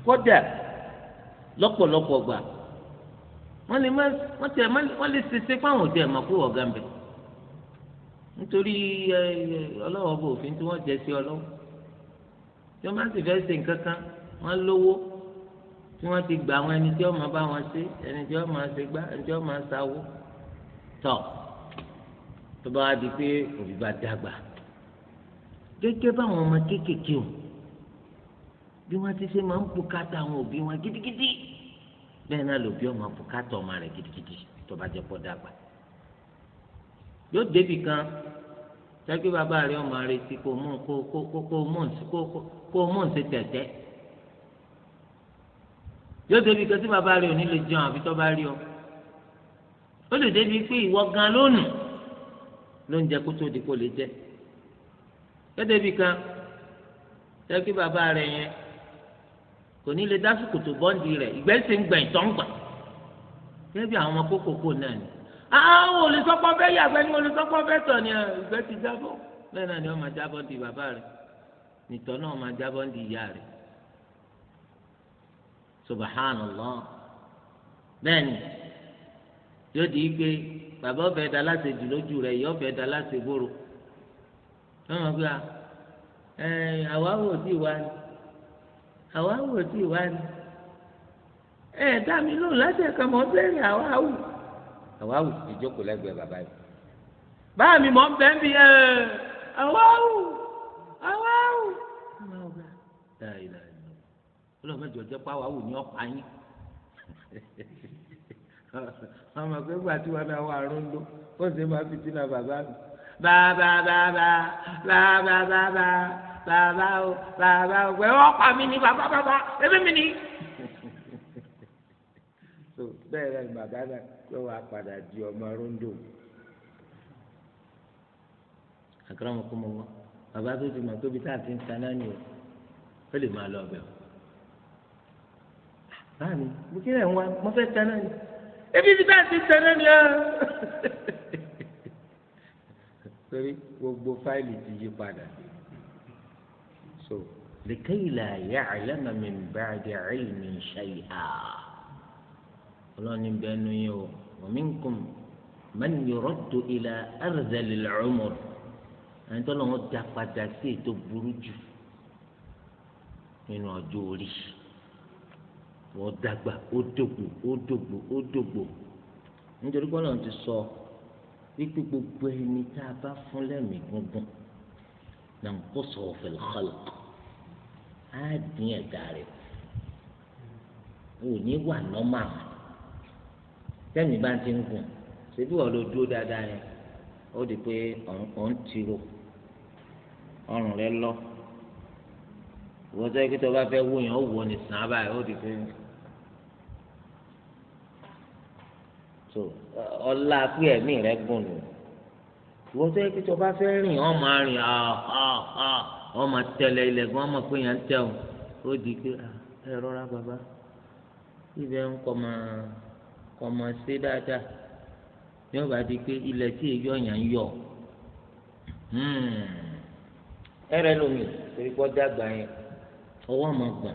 kódà lọ́pọ̀lọpọ̀ gbà wọ́n lè má wọ́n tẹ̀ wọ́n lè ṣèṣe fáwọn òde ẹ̀mọ́ pé wọ́n gà ń bẹ̀ nítorí ọlọ́wọ́ bò òfin tí wọ́n jẹ sí ọlọ́wọ́ tí wọ́n bá sì fẹ́ ṣe nǹkan kan wọ́n lówó tí wọ́n ti gbà àwọn ẹni tí wọ́n máa bá wọn ṣe ẹni tí wọ́n máa ṣe gbá ẹni tí wọ́n máa ṣàwó tọ̀ tó bá wá di pé òbí bá dàgbà gẹ́gẹ́ báwọn ọmọ kéékèèké o bí wọ́n ti ṣe máa ń pokátà àwọn òbí wọn gidigidi. Gidi bẹ́ẹ̀ náà lòbí ọmọ bùkátà ọmọ rẹ̀ gidigidi tó bá jẹ́ pọ́ dàgbà yóò débì kan sẹ́kí bàbá rẹ̀ ọmọ rẹ̀ ti kó mú kó kó kó mú ṣe tẹ̀tẹ́ yóò débì kan tí bàbá rẹ̀ ò ní lè jẹun àfi tó bá rí ọ ó lè débi pé ìwọ gan lónìí ló ń jẹ kó tó di kó lè jẹ yóò débì kan sẹ́kí bàbá rẹ̀ yẹn kò ní lè dásìkò tó bọ́ǹdì rẹ̀ ìgbẹ́sẹ̀ ń gbẹ̀yìn tó ń gbà gẹ́gẹ́ bí àwọn kókòkò náà ni àwọn olùsọ́pọ̀ fẹ́ yàgbẹ́ ni olùsọ́pọ̀ fẹ́ tọ̀ ni ìgbẹ́ ti jábọ́ bẹ́ẹ̀ náà ni wọ́n máa jábọ́ di bàbá rẹ̀ nìtọ́ náà máa jábọ́ di ìyá rẹ̀ subhanallah bẹ́ẹ̀ ni yóò di pé bàbá ọ̀fẹ́ da láti jù lójú rẹ̀ ìyá ọ̀fẹ́ da láti bóró wọ́n mọ̀ pé àwa wò tí ìwà ni ẹ dá mi lóhùn láti ẹ̀ka mọ́ bẹ́ẹ̀rẹ̀ àwa wò àwa wò ìjókòó lẹ́gbẹ̀ẹ́ bàbá yìí báà mi mọ̀ ń bẹ́ẹ̀ bí ẹ àwa wò àwa wò olùmọ̀jọ jẹ́ pàwọ́ àwò ní ọ̀pá yín ọmọ pé gbà tí wọn náà wà rúndó ó sì máa fi tínà bàbá mi bá bá bá bá bá bá bá bá bàbá o bàbá o pé wọ́n pa mí ní bàbá bàbá ẹbí mi ní. so bẹ́ẹ̀ rẹ̀ bàbá náà yọ wá padà di ọmọ rondo. akramakumullah bàbá tó ti mọ̀ pé ibi tá a ti ń ta náà ni o ó lè máa lọ ọbẹ̀ o. Ah, báàmì mo kí lè ń wá mo fẹ́ ta náà ni ebi ibi tá a ti ń ta náà ni o torí gbogbo fáìlì ti yí padà dé so lèkèyí là yà àlẹ́mà mi bá a di àìlì mi ṣe yìí à ọlọ́ni bẹ́ẹ̀ nu yín o wàmí nkùn mẹ́ni yọ̀rọ̀ tó ilà ẹ̀rẹ̀dẹ̀lì lọ́mọ̀rọ̀ ẹni tó lọ́wọ́ da padà sí ètò burú jù nínú ọjọ́ orí wọ́n dàgbà ó dògbò ó dògbò ó dògbò nítorí pé ọlọ́run ti sọ wípé gbogbo ẹni tá a bá fún lẹ́mìí gúngún náà kó sọ̀rọ̀ fil khalq á dín ẹ̀dá rẹ̀ kù ò ní wà nọ́mà tẹ́mi bá ti ń gùn ṣebí wọ́n lo dúró dáadáa yẹn ó di pé ọ̀ ń tiro ọrùn rẹ lọ ìwọ sọ pé tó bá fẹ́ wó yẹn ó wọ ní sàn báyìí ó di pé so ọlá pé ẹ̀mí rẹ gùn nù ìwọ sọ pé tó bá fẹ́ rìn ọ́ rìn ọ́ ah, ọ́ ah, ah wọ́n máa tẹ̀lé ilẹ̀ gan wọ́n máa pé yàn ń tẹ̀ ọ́ ó di pé ẹ rọra bàbá ibẹ̀ ń kọ́ máa kọ́ máa ṣe dáadáa ní ọba di pé ilẹ̀ tí èyí ọ̀yàn ń yọ hmm. ẹ rẹ lómi torí pọ́ dàgbà yẹn ọwọ́ máa gbà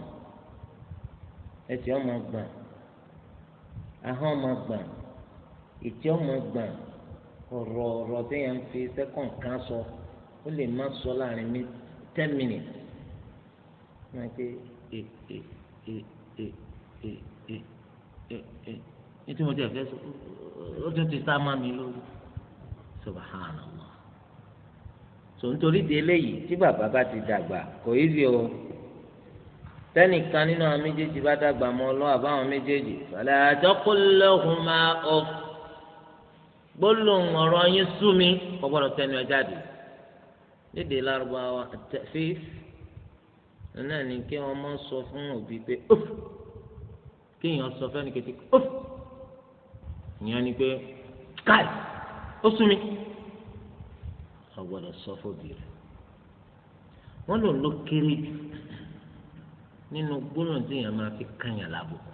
ẹsẹ̀ ọmọ gbà ahọ́n ọmọ gbà ìtì ọmọ gbà ọ̀rọ̀ ọ̀rọ̀ tí yẹn ń fi sẹ́kọ̀ǹ kan sọ ó lè má sọ láàrin méjì ten minutes ní wọn pé e e e e e e e e tí mo jẹ fẹ ó tún ti sá má mi lórí subhanallah so nítorí di eléyìí tí bàbá bá ti dàgbà kò í di o tẹnìkan nínú àwọn méjèèjì bá dàgbà mọ́ lọ àbáwọn méjèèjì fala taqul lahuma gbólóhùn ọ̀rọ̀ yín sú mi kò gbọ́dọ̀ tẹnu ẹ jáde lédè lárúbáwá tafif náà ni kí wọn máa sọ fún òbí pé óf kéèyàn sọ fẹ́ni kété óf ìyẹn ni pé káì ó sún mi a gbọ́dọ̀ sọ fóbi rẹ̀ wọ́n lò ló kéré jù nínú gbólóhùn tí èèyàn máa fi kàyàn lábùkù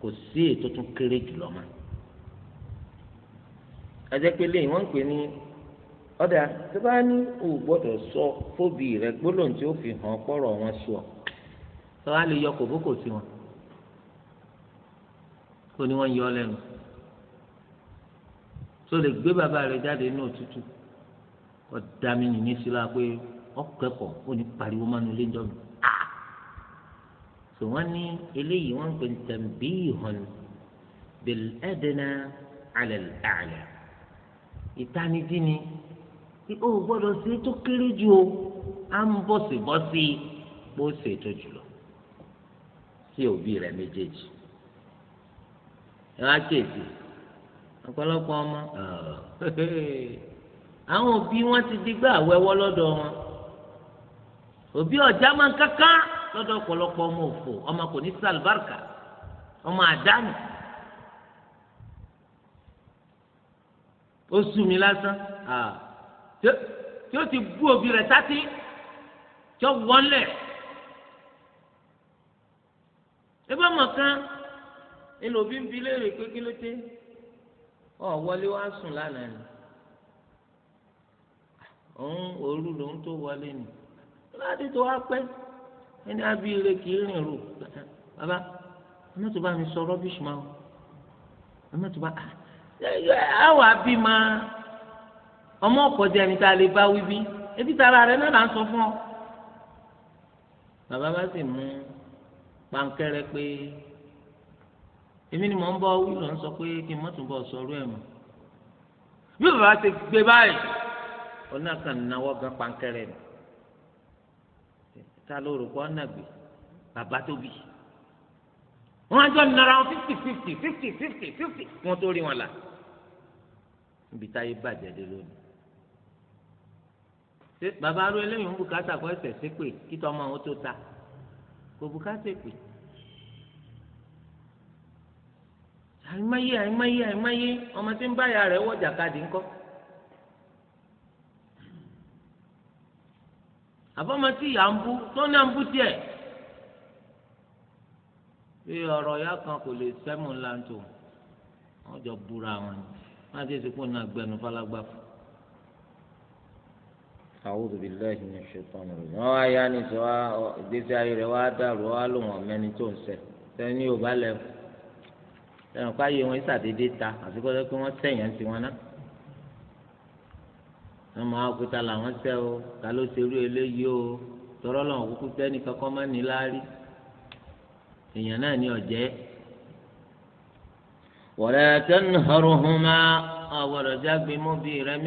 kò sí ètò tó kéré jù lọ́mọ. ẹ jẹ́ pé lẹ́yìn wọ́n ń pè ní ọ̀dà tó bá ní o gbọ́dọ̀ sọ fóbi rẹ gbólóhùn tí ó fi hàn pọ̀rọ̀ wọn sọ tó wá lè yọ kòbókò sí wọn kó ni wọ́n yọ lẹ́nu tó lè gbé bàbá rẹ jáde ní òtútù ọ̀dà mi nìyí sí la pé ọ̀kẹ́kọ̀ọ́ ó ní pariwo mánu lé jọ́nu tó ah! wọ́n ní eléyìí wọ́n ń pè tẹ̀m̀bí hàn bẹ̀lẹ́dẹ̀nà alẹ́ àlẹ́ ìtanijí ni pé o gbọ́dọ̀ ṣe tó kéré jù o á ń bọ̀sì bọ́sì bó ṣe tó jùlọ sí òbí rẹ méjèèjì ẹ wá kéèsì ọ̀pọ̀lọpọ̀ ọmọ àwọn òbí wọn ti di gbà wẹ́wọ́ lọ́dọ̀ wọn òbí ọ̀já máa ń kankan lọ́dọ̀ ọ̀pọ̀lọpọ̀ ọmọ òfò ọmọ kò ní sàlùbáríkà ọmọ àdánù ó sú mi lásán. Ah tí ó ti bú òbí rẹ̀ sátí tí ó wọlé ebe ọmọ kan nínú òbí ń bi léèrè pé kí ló dé ọ wọlé wá sùn lánàá ni òun òru lòun tó wọlé ni láti tó wá pẹ́ ẹni abíire kì í rìn rò bàbá ẹmọ tó bá mi sọ rọbìṣì máa ẹmọ tó bá àwọn àbí máa ọmọ ọkọjá ẹni tá a lè bá wí bí ebi tara rẹ náà là ń sọ fún ọ. bàbá bá sì mú pankẹrẹ pé èmi ni mò ń bọ wí lọ sọ pé kí n má tún bọ sọ̀rọ̀ ẹ mọ bí bàbá ti gbé báyìí ọ̀nà náwó gan pankẹrẹ ni ta ló rò pé ọ̀nà gbé bàbá tó bí wọn jọ nara wọn fifty fifty fifty fifty fifty wọn tó rí wọn là níbi táyé bàjẹ́ dé lónìí ṣé bàbá arú eléyìí ń bùkátà kọ́ ẹsẹ̀ ṣépè kí tọmọ òun tó ta kò bùkátà èpè. àìmọye àìmọye àìmọye ọmọ tí ń báyà rẹ̀ wọ̀ jàkadì ńkọ́. àbọ̀mọ ìyá ń bú tó náà ń bú tiẹ̀. bí ọ̀rọ̀ ya kan kò lè sẹ́mu ńlá tó wọ́n jọ búra wọn ni wọ́n á ti sèkú náà gbẹnu fálágbá fún àwùjọ bíi lẹ́yìn ní ṣètọ́n rẹ̀ wọ́n wá yá ní sọ wá ìgbésí ayé rẹ̀ wá dàrú wá lò wọ́n mẹ́ni tó ń sẹ̀ sẹ́ni ní yorùbá lẹ̀ wọn ìsàdédé ta àti kọ́tọ́ pé wọ́n sẹ̀yìn àti wọn náà o ta ló eléyìí o tọ́rọ́ lọ́wọ́n kúkú sẹ́ni kankan má ní èèyàn náà ní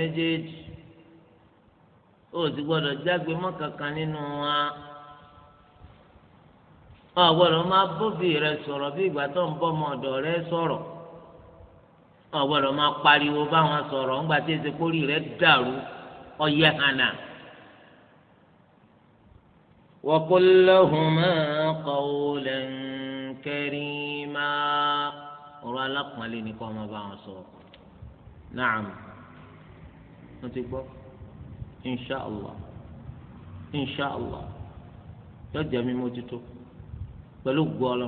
tẹ́nu o sì gbọdọ jágbe mọ́ kankan nínú wa ọ ma máa bóbi rẹ sọrọ bí ìgbà tó ń bọ́ ọmọ rẹ sọrọ ọ gbọ́dọ̀ pariwo báwọn sọrọ ńgbà tí kórì rẹ dàrú ọyẹ hànà. wa ọ̀rọ̀ alápọ̀nlé ni kọ́ ọmọ báwọn sọ. ti gbọ́. inṣàlá inṣàlá yọjẹ mi mójútó pẹ̀lú gbọlọ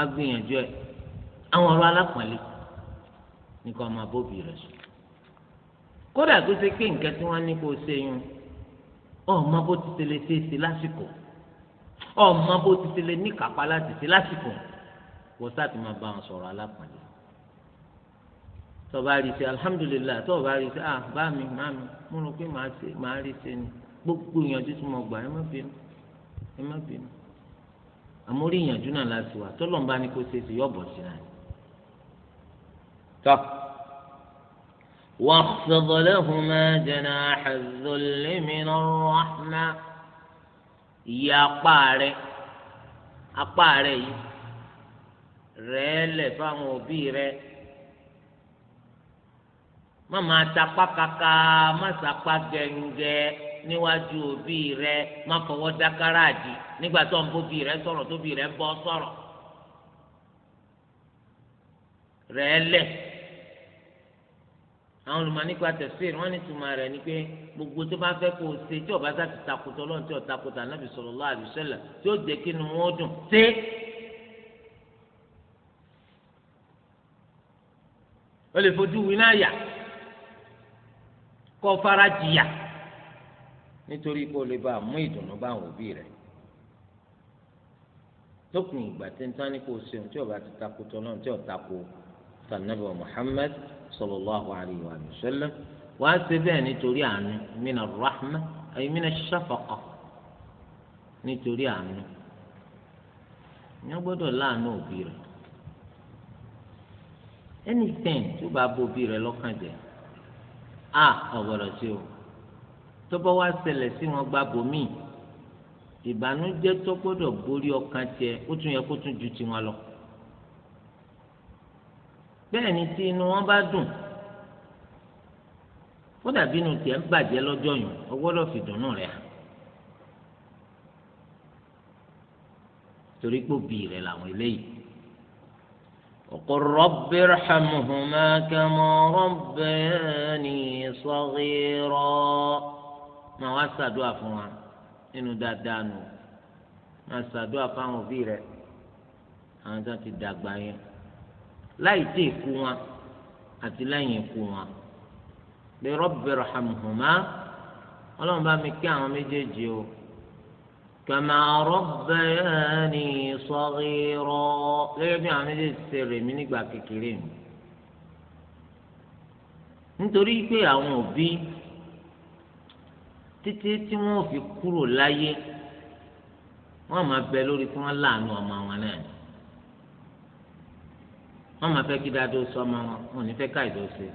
á gbìyànjú ẹ àwọn ọ̀rọ̀ alápọ̀nlé nìkan ọmọ abóbì rẹ sùn kódà tó ṣe pé nǹkan tí wọ́n ní kó ṣe yún ọmọ bó ti tẹ́lẹ̀ ṣe é ṣe lásìkò ọmọ bó ti tẹ́lẹ̀ níkàpá láti ṣe lásìkò wọ́n sá ti máa bá wọn sọ̀rọ̀ alápọ̀nlé tọba rí ṣe alihamudulilayi tọba rí ṣe ah bá mi má mi mo rò pé màá ṣe màá rí ṣe ni gbogbo ìyànjú tí mo gbà ẹ má bínú ẹ má bínú àmọ́ ìyànjú náà láti wà tọ́lọ́mùbá ni kò ṣe é ṣe yọ bọ̀ sí náà. tọ́ واخفض لهما جناح الذل من الرحمة ìyá apá rẹ̀ apá rẹ̀ yìí rẹ̀ lẹ̀ fáwọn òbí rẹ̀ má máa tapá kaka má sapá gẹ̀ǹgẹ̀ níwájú òbí rẹ má fọwọ́ dákàrà àdì nígbà tó ń bóbi rẹ sọ̀rọ̀ tóbi rẹ ń bọ́ sọ̀rọ̀ rẹ lẹ̀ àwọn olùmọ̀ nípa tẹ̀síìrì ní tuma rẹ̀ ni pé gbogbo tó bá fẹ́ kó o ṣe tí ọba sá ti takùtọ̀ lọ́nà tí ọ̀tá kùtà nàbì sallallahu alaihi wasallam tí ó jẹ́ kí inú wọn dùn ṣé. o lè fojú winá yà Kọfara jiya. nítorí kó lè bá mú ìdùnnú bá àwọn òbí rẹ̀ tókùn ìgbà tí ń tán ní kó o ṣeun tí ọba ti takò náà tí takò Muhammad sallallahu alayhi wa sallam wàá ṣe bẹ́ẹ̀ nítorí àánú mina rahma ay mina shafaqa nítorí àánú ní láàánú òbí tó bá òbí lọ́kàn jẹ́ a ọ̀gbọ́dọ̀ sí o tó bá wá ṣẹlẹ̀ sí wọn gba bòmíì ìbànújẹ́ tó gbọ́dọ̀ borí ọkàn tiẹ̀ ó tún yẹ kó tún ju tiwọn lọ bẹ́ẹ̀ ni tí inú wọn bá dùn ó dàbí inú tiẹ̀ ń bàjẹ́ lọ́jọ́ yìí ó gbọ́dọ̀ fìdùnnú rẹ̀ hàn torí pé òbí rẹ̀ làwọn eléyìí. وقل رب ارحمهما كما ربياني صغيرا ما واسدوا فما إنه دادانو ما سدوا فما فيره àwọn tó ti dàgbà yẹn láì tí ì kú wọn àti lẹ́yìn ikú wọn bí Rabbi rahamhuma ọlọ́run bá mi kí àwọn méjèèjì o kama rabbayani saghira gẹ́gẹ́ bí àwọn السر ṣe rè mí nígbà kékeré mi nítorí pé àwọn òbí títí tí wọ́n fi kúrò láyé wọ́n máa bẹ lórí kí wọ́n láàánú ọmọ wọn náà ni wọ́n máa fẹ́ kí dáadó sọ ọmọ wọn wọ́n ní fẹ́ káìdó ṣe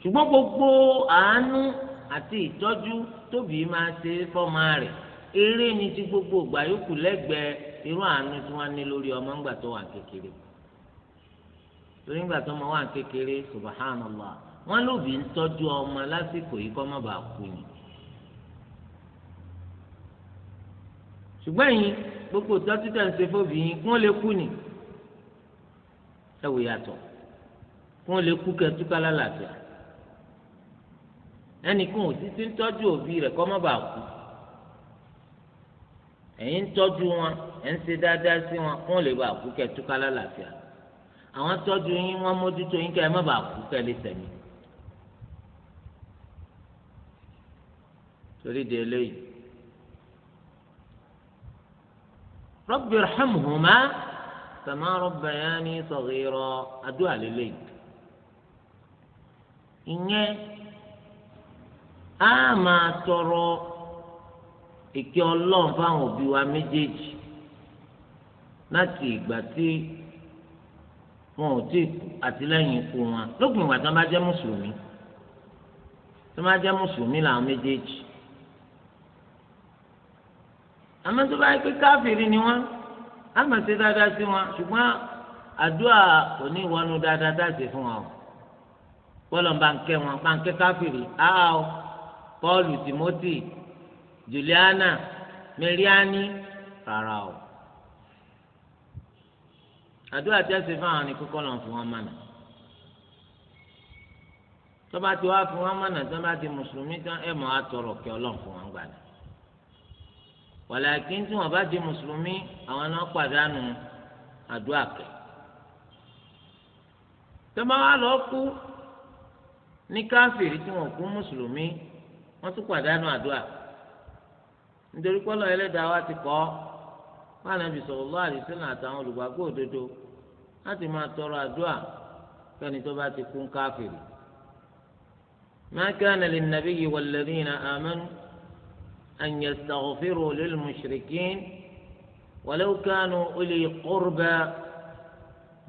ṣùgbọ́n gbogbo àánú àti ìtọ́jú tóbi máa ṣe fọ́mọ rẹ̀ eré ni ti gbogbo ìgbà yòókù lẹ́gbẹ̀ẹ́ irú àánú tí wọ́n ní lórí ọmọ ńgbà tó wà kékeré torí ńgbà tó ọmọ wà kékeré subhanallah wọ́n lòbí ń tọ́jú ọmọ lásìkò yìí kọ́ má bàa kú ni. ṣùgbọ́n yìí gbogbo dókítà ń ṣe fóbi yín kí lè kú ni ẹ wò yàtọ̀ kí lè kú kẹtùkà lálàáfíà ẹnì ò sí ti ń tọ́jú òbí rẹ̀ kọ́ má bàa kú ẹ̀yin ń tọ́jú wọn ẹ̀ ń ṣe dáadáa sí wọn wọn lè bá àkú kẹ́ túká lálàáfíà àwọn tọ́jú yín wọ́n mójútó yín kẹ́ ẹ má bàa kú kẹ́ lè tẹ̀mí. torí de eléyìí rabbi irhamhuma kama rabbayani saghira àdúrà lélẹ́yìí ìyẹn a máa tọrọ ìkẹ́ ọlọ́run fáwọn òbí wa méjèèjì láti ìgbà tí wọn ò tí kú àtìlẹ́yìn ikú wọn lópin ìgbà tí wọn bá jẹ́ mùsùlùmí tí wọn bá jẹ́ mùsùlùmí làwọn méjèèjì àmọ́ tó bá yẹ pé káfíìrì ni wọn á mọ̀ sí dáadáa sí wọn ṣùgbọ́n àdúrà kò ní dáadáa dáàsì fún wọn o bọ́lọ̀ bá ń kẹ́ wọn bá ń kẹ́ káfíìrì áà o Pọ́ọ̀lù Tìmọ́tì Juliana Miriani rárá o àdúrà tí a ṣe fún àwọn ni kókó lọ́n fún wọn mọ̀nà tọ́ba ti wá fún wọn mọ̀nà tọ́ba ti mùsùlùmí tán ẹ̀ mọ́ àtọ̀rọ̀ kí ọlọ́run fún wọn gbàdá wàlàkí tí wọn bá di mùsùlùmí àwọn náà pàdánù àdúrà kẹ tọ́ba wa lọ kú ní káfíìrì tí wọn kú mùsùlùmí wọn tún pàdánù àdúrà nítorí pọ́lọ́ ẹlẹ́dàá wa ti kọ́ wọn ànábì sallallahu alaihi wasallam àtàwọn olùgbàgbọ́ òdodo láti máa tọrọ àdúrà kẹ́ni tó bá ti kú kún káfìrì. ما كان للنبي والذين آمنوا أن يستغفروا للمشركين ولو كانوا أولي قربى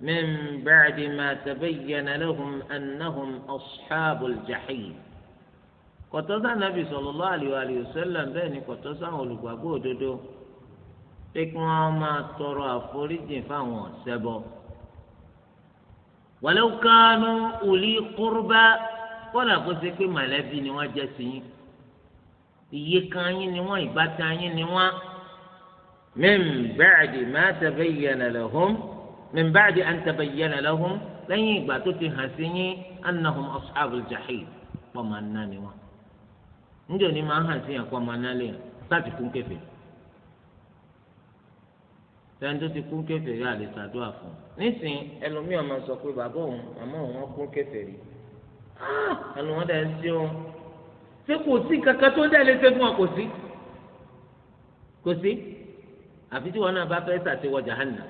من بعد ما تبين لهم أنهم أصحاب jàḥìm. kọtọsá nàbì sallallahu alaihi wa sallam bẹ́ẹ̀ ni kọtọsá olùgbàgbọ́ òdodo pé kí wọn máa tọrọ àforíjì fáwọn ọsẹbọ walau kanu uli qurba kọlà kó ṣe pé mọ̀lẹ́bí ni wọn jẹ sí yín iye kan yín ni wọn ìgbàta yín ni wọn min ba'di ma tabayyana lahum min ba'di an tabayyana lahum lẹ́yìn ìgbà tó ti hàn sí yín annahum ashabul jahim pọ̀ máa ń ná ni wọn níjẹ́ òní máa ń hàn sí yàn kó ọmọ náà lè yàn láti kún kẹfẹ́ tẹ́ni tó ti kún kẹfẹ́ rí àlè ṣàdúrà fún un. nísìnyí ẹlòmíràn máa sọ pé bàbá òun màmá òun kún kẹfẹ́ rí ẹnu wọn dẹ̀ ń sí òun ṣé kò sí kankan tó ń dẹ̀ lé ṣe fún ọ kò sí kò sí àfi tí wọn náà bá fẹ́ ṣàtiwọ́ jahanna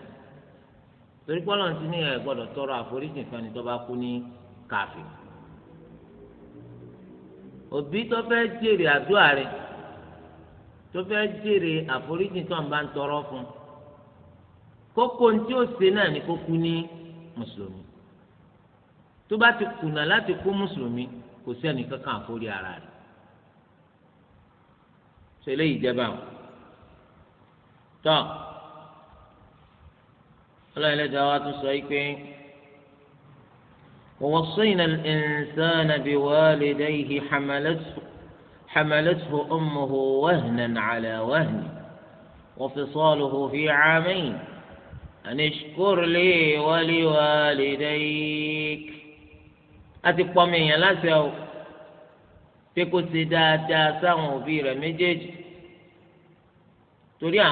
torí pọ́lọ́n ti ẹ̀ gbọ́dọ̀ tọrọ àforíjì kan ní tó bá kú ní káfíìn òbí tó fẹ́ jèrè àdúrà rẹ̀ tó fẹ́ jèrè àforíjì tó ń bá ń tọrọ fún kókó tí ó ṣe náà ni kó kú ní mùsùlùmí tó bá ti kùnà láti kú mùsùlùmí kò sí ẹnìkankan àforí ara rẹ̀ ṣe eléyìí jẹ́ báwọn tọ́ ọlọ́run ẹlẹ́dàá wa tún sọ yìí pé. ووصينا الإنسان بوالديه حملته حملته أمه وهنا على وهن وفصاله في عامين أن اشكر لي ولوالديك أتقوى من يلاسه peko ṣe dáadáa sáwọn òbí rẹ̀ méjèèjì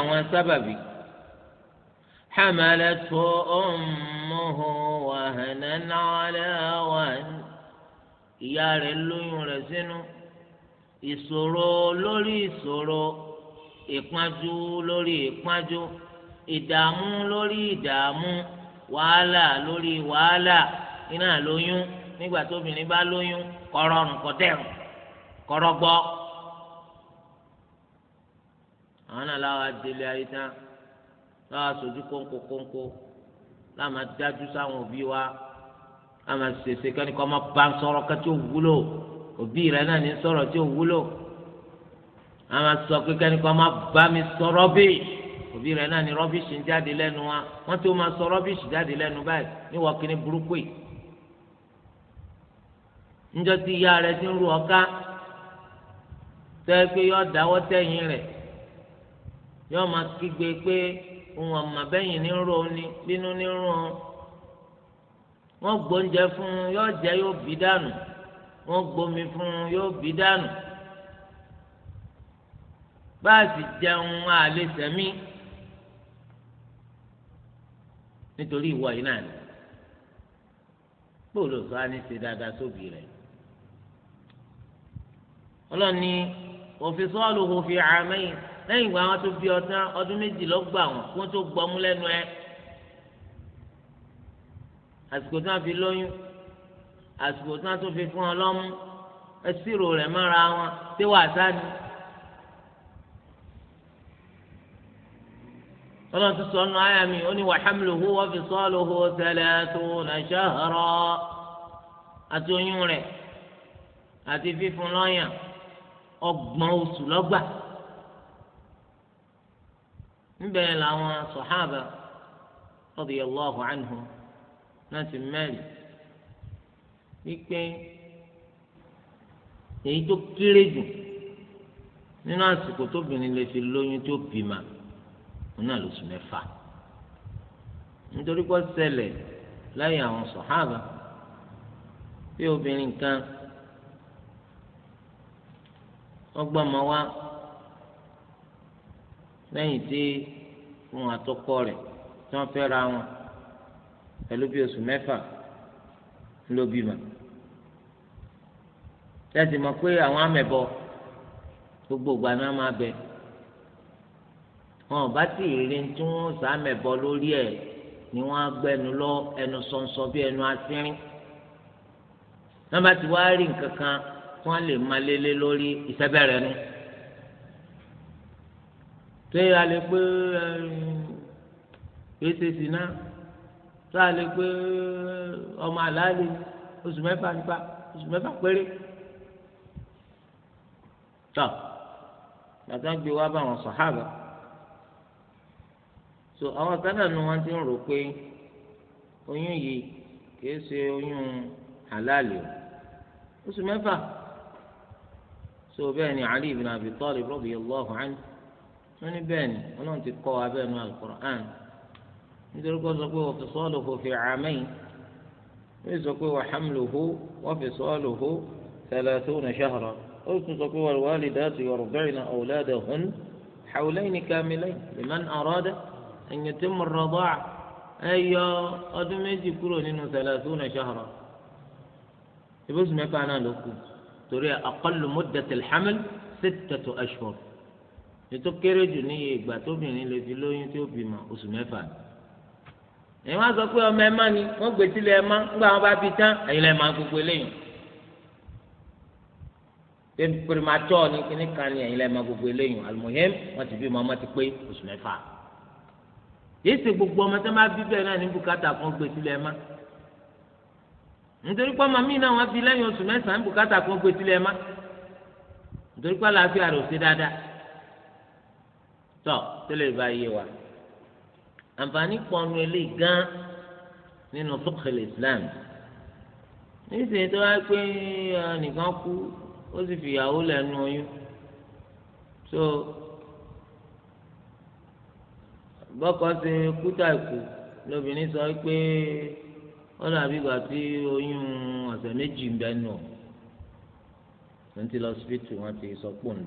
حملته أمه wàhánà àlẹ́ wàhán ìyá rẹ̀ lóyún rẹ̀ sínú ìṣòro lórí ìṣòro ìpọ́njú lórí ìpọ́njú ìdààmú lórí ìdààmú wàhálà lórí wàhálà iná lóyún nígbà tóbìnrin bá lóyún kọ̀rọ̀ ọ̀rùn kọ̀tẹ́rùn kọ̀rọ̀ gbọ́ àwọn náà láwa délé ayé tán láwa sojú kónkó kónkó láàmà dájú sáwọn òbí wa láàmà ṣèṣe kẹ́nìkan máa bá ń sọ̀rọ̀ kẹ́tí ò wúlò òbí rẹ náà ní sọ̀rọ̀ tí ò wúlò láàmà sọ pé kẹ́nìkan máa bá mi sọ rọ́bìṣì òbí rẹ náà ní rọ́bìṣì ń jáde lẹ́nu wa wọ́n tó máa sọ rọ́bìṣì jáde lẹ́nu báyìí níwọ̀ kíní burúkú yìí níjọ́ tí ìyá rẹ ti ń ru ọ̀ká tẹ́ pé yọ òun ọmọ bẹ́yìn ní rọ ni bínú ní rọ wọ́n gbóúnjẹ fún yóò jẹ yóò bí dànù wọ́n gbómi fún yóò bí dànù báàsì jẹun àlè sẹmí nítorí ìwọ yìí náà ni kpọlọ sọ á ṣe dáadáa sóbì rẹ ọlọ́ni òfin sọ́ọ́lù òfin àmẹ́yìn lẹ́yìn ìgbà wọn tó bí ọdún ọdún méjì lọ́gbà wọn kí wọ́n tó gbọ́mú lẹ́nu ẹ àsìkò tí wọ́n fi lóyún àsìkò tí wọ́n tó fi fún ọ lọ́mú ẹsìrò rẹ̀ mọ́ra wọn tí wàá sáni. ọlọ́run tó sọ ọ́nà àyà mi ó ní wa hamluhu wa fisaluhu thalathuna shahra àti oyún rẹ̀ àti fífún lọ́yàn ọgbọ̀n oṣù lọ́gbà. níbẹ̀ làwọn sọ̀hábà radiyallahu anhum náà ti mẹ́rin wípé èyí tó kéré jù nínú àsìkò tóbìnrin lè fi lóyún tó bímọ òun náà lóṣù mẹ́fà nítorí pé ṣẹlẹ̀ láyé àwọn sọ̀hábà bí lẹ́yìn tí wọn àtọkọ rẹ̀ tí wọ́n fẹ́ ra wọn pẹ̀lú bí oṣù mẹ́fà ló bímọ tẹ́sí mọ̀ pé àwọn amẹ̀bọ gbogbo ìgbà náà máa bẹ wọn ò bá tí ì rí tí wọn sàmẹ̀bọ lórí ẹ̀ ni wọn á gbẹnu lọ ẹnu sọ̀nsọ̀ bí ẹnu asínrín náà bá ti wá rí nǹkan kan tí wọn lè máa lélẹ̀ lórí ìṣẹ́bẹ̀rẹ̀ nu. tó yẹ alẹ pé eh, èsè sínà tó alẹ pé eh, ọmọ àlàálẹ oṣù mẹ́fà nípa oṣù mẹ́fà péré gbé wá bá wọn so àwọn kánà ni wọn ti ń rò pé oyún yìí kìí ṣe oyún àlàálẹ oṣù mẹ́fà so bẹ́ẹ̀ ni Ali ibn Abi Talib radiyallahu wọ́n ní bẹ́ẹ̀ ni ọlọ́run ti kọ́ abẹ́ nu alukur'an nítorí kó sọ pé wọ́n fi sọ́ọ́lù hó fi àmẹ́yìn wọ́n sọ pé wọ́n hàmlù hó wọ́n fi sọ́ọ́lù hó ní شهرا ó tún sọ pé wọ́n والوالدات يرضعن أولادهن حولين كاملين لمن أراد أن يتم الرضاعة ẹyọ ọdún méjì kúrò nínú ní شهرا ibùsùn mẹ́fà náà ló kù torí aqallu muddatil haml sittatu ashhur. ètò kéré jù ní iye ìgbà tóbìnrin lè fi lóyún tí ó bímọ oṣù mẹ́fà ni èyí wọ́n sọ pé ọmọ ẹ má ni wọ́n gbé sílẹ̀ ẹ má nígbà wọ́n bá bí tán ẹ̀yin lẹ́ẹ̀ máa gbogbo eléyìí pèmàtọ́ ni kíní kan ni ẹ̀yin lẹ́ẹ̀ máa gbogbo eléyìí àlùmọ́yẹ́m wọ́n ti bímọ ọmọ ti pé oṣù mẹ́fà yìí sì gbogbo ọmọ tó máa bí bẹ́ẹ̀ náà ní bùkátà kan gbé sílẹ̀ ẹ má nítorí pé ọmọ mi náà wọ́n fi lẹ́yìn oṣù mẹ́sàn-án bùkátà kan gbé sílẹ̀ ẹ má nítorí tọ tẹlẹ bá yé wa àǹfààní pọnú eléyìí gan nínú fúkìlì islam nísìnyí tó wá pé nìkan kú ó sì fìyàwó lẹ́nu oyún so bọ́kọ ṣe kúta ìkú lóbìnrin sọ pé ó dàbí ìgbà tí oyún ọ̀sẹ̀ méjì ń bẹ́ẹ̀ nù ọ́n ti lọ síbítù wọ́n ti sọ pò ń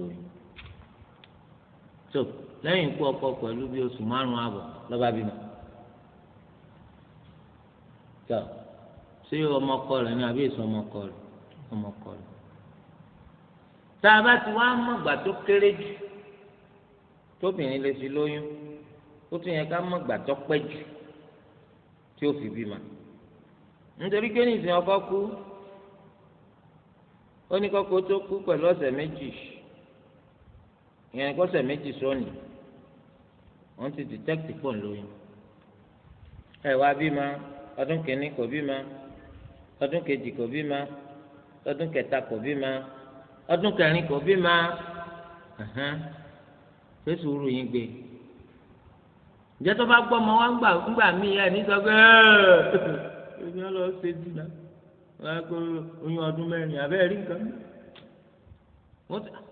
tó lẹ́yìn ikú ọkọ pẹ̀lú bí oṣù márùn-ún ààbọ̀ lọ́ba bímọ. tó ṣé ọmọkọ rẹ̀ ni àbí èso ọmọkọ rẹ̀ ọmọkọ rẹ̀. tá a bá ti wá mọ̀gbà tó kéré jù tóbìnrin lè fi lóyún ó tún yẹ ká mọ̀gbà tó pẹ́ jù tí ó fi bímọ. nítorí pé nìsín ọkọ kú ó ní kọ́kọ́ tó kú pẹ̀lú ọ̀sẹ̀ méjì. ìyẹn ni kọ́sẹ̀ méjì sóòní wọ́n ti detect pọ̀ lóyún ẹ wá bímọ ọdún kìíní kò bímọ ọdún kejì kò bímọ ọdún kẹta kò bímọ ọdún kẹrin kò bímọ fẹsùn rú yín gbé ǹjẹ́ tó bá gbọ́ ọmọ wa ńgbà ńgbà mí ẹ̀ ní sọ pé ẹ̀ẹ́dẹ̀ẹ́dẹ́ ló ṣe dìnnà wọ́n á kó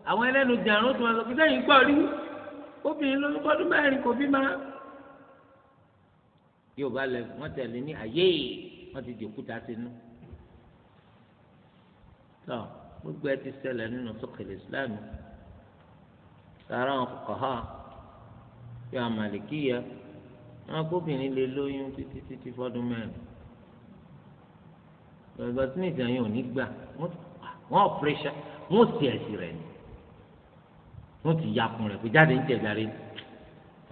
àwọn ẹlẹ́nu di àrùn tó máa sọ pé sẹ́yìn gbọ́ rí obìnrin ló ń kọ́dún mẹ́rin kò bí máa. yóò bá lẹ wọn tẹ̀lé ní àyè wọn ti di òkúta sínú. tó gbogbo ẹ ti ṣẹlẹ̀ nínú sọ́kèlè ìsìláàmù sàrà àwọn kọ̀kọ̀ hà bí àwọn màlìkíyà wọn kóbìnrin lè lóyún títí títí fọ́dún mẹ́rin. bàbá smith yẹn ò ní gbà wọn ọ̀pẹ̀rẹ̀ṣà wọn ò sí ẹ̀sìn rẹ̀ ni wọn ti yakun rẹ̀ pé jáde ń tẹ̀gárí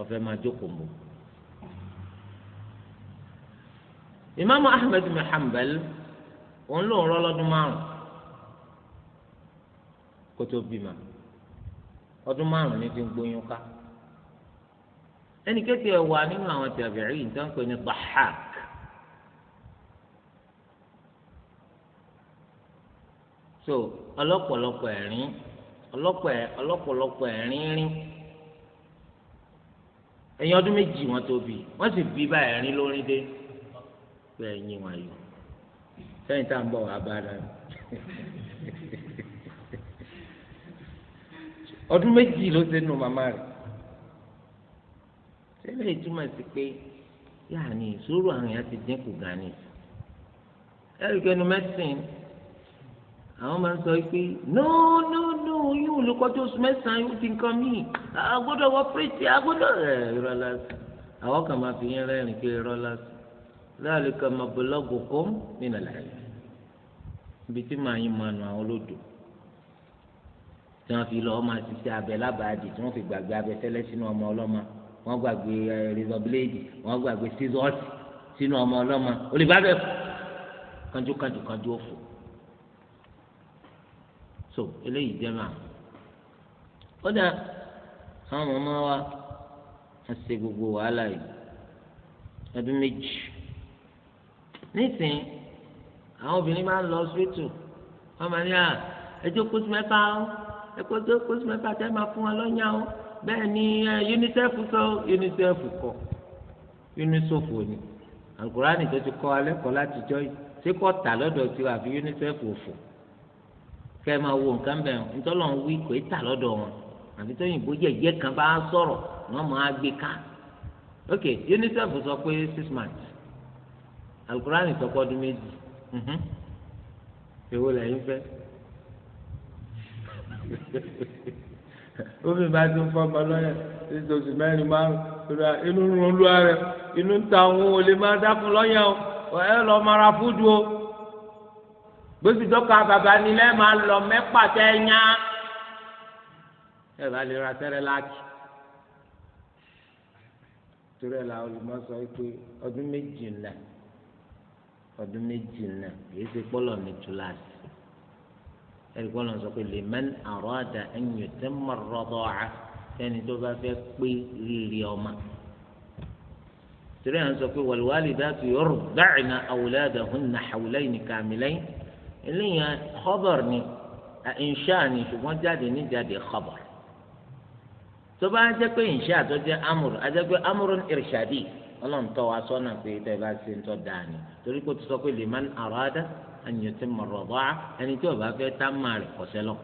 ọ̀fẹ́ máa jókòó mbọ̀. ìmáàmù ahmed bin hanbal òun lòun rọ́ lọ́dún márùn kó tó bímọ ọdún márùn-ún ti ń gbóyún ká ẹnì kékeré wà nínú àwọn tẹ̀bẹ̀rì yìí tó ń pè ní bahak. so ọlọ́pọ̀lọpọ̀ ọlọpọ ọlọ́pọ̀lọpọ̀ ẹ̀rín rín ẹ̀yin ọdún méjì bá lórí wọn yọ tá à ń bá dáa ọdún méjì ló ṣe nù màmá sí pé yáà ní ìṣòro àwọn àwọn máa ń sọ pé no no no yóò olùkọ́ tó sùn mẹ́sàn-án yóò ti nǹkan mí àgbọ́dọ̀ wọ pírẹ́tì àgbọ́dọ̀ ẹ̀ irọ́ lásán àwọn kan máa fi yín rẹ́rìn pé irọ́ lásán láàlú kan máa bọ́lọ́gù kó nínú làálẹ̀ ibi tí màá yín máa nù àwọn olódò tí wọ́n fi lọ́ọ́ máa ṣiṣẹ́ abẹ lábàádì tí wọ́n fi gbàgbé abẹ tẹ́lẹ̀ sínú ọmọ ọlọ́mọ wọ́n gbàgbé rìzọ bíléèdì wọ́n gbàgbé sísọ́ọ̀tì sínú ọmọ ọlọ́mọ olùbábẹ́ kanjú kanjú kanjú òfò so eléyìí jẹ́ màá ó dà àwọn màmá wa wọ́n ṣe gbogbo wàhálà yìí ọdún méjì nísìnyí àwọn obìnrin máa ń lọ síwítù wọ́n máa ní à ẹjọ́ kóṣù mẹ́fà ó ẹjọ́ kóṣù mẹ́fà tẹ́ máa fún wọn lọ́yàn ó bẹ́ẹ̀ ni UNICEF sọ UNICEF kọ UNICEF ni àgùrá nìjọ ti kọ́ alẹ́ kọ́ láti jọ́ yìí ṣé kọ́ tà lọ́dọ̀ tiwa àfi UNICEF òfò kẹ́ ẹ máa wo nǹkan bẹ̀ ọ́n ntọ́lọ̀ ń wí kò é tà lọ́dọ̀ wọn àbí tóyìnbó jẹ̀jẹ̀ kan bá sọ̀rọ̀ wọ́n máa gbé ká ok UNICEF sọ pé six months alukurani sọ pé ọdún méjì mhm. èwo lẹ́yìn fẹ́ omi bá ti ń fọmọ lọ́yẹ̀ títí oṣù mẹ́rin márùn-ún inú ń ronú ara inú ń ta òun ò lè máa dákun lọ́yẹ̀ o ẹ lọ́ọ́ mara fúdù o gbèsìdọ́ ka bàbá ni lẹ́ máa lọ mẹ́pà tẹ́ ẹ nyá ẹ bá lè ra sẹ́rẹ́ láàkì torí ẹ̀ la olùmọ̀sọ pé ọdún méjì nà ọdún méjì nà kìí ṣe pọ́lọ̀ ní túláàsì ẹ̀rí pọ́lọ̀ sọ pé lèmẹ́n àrọ́ àdá ẹ̀yìn tẹ́ mọ̀rọ́dọ̀ á ẹni tó bá fẹ́ pé rírì ọmọ torí ẹ̀ ń sọ pé wàlúwàlì dàtú yọrù dáìnà àwòlẹ́ àdàhùn nà àwòlẹ́ ìnìkàmìlẹ́yìn eléyàn khabar ni ìnṣá ni ṣùgbọ́n jáde níjáde khabar tó bá jẹ́ pé ìnṣá tó jẹ́ amúr a jẹ́ pé amúrún irṣadì ọlọ́run tọ́ wa sọ́nà pé tẹ́ bá ṣe ń tọ́ da ni torí kò tó sọ pé liman arada an yutimma ar-rida'a ẹni tí bá fẹ́ tá máa rẹ̀ kọ́sẹ́ lọ.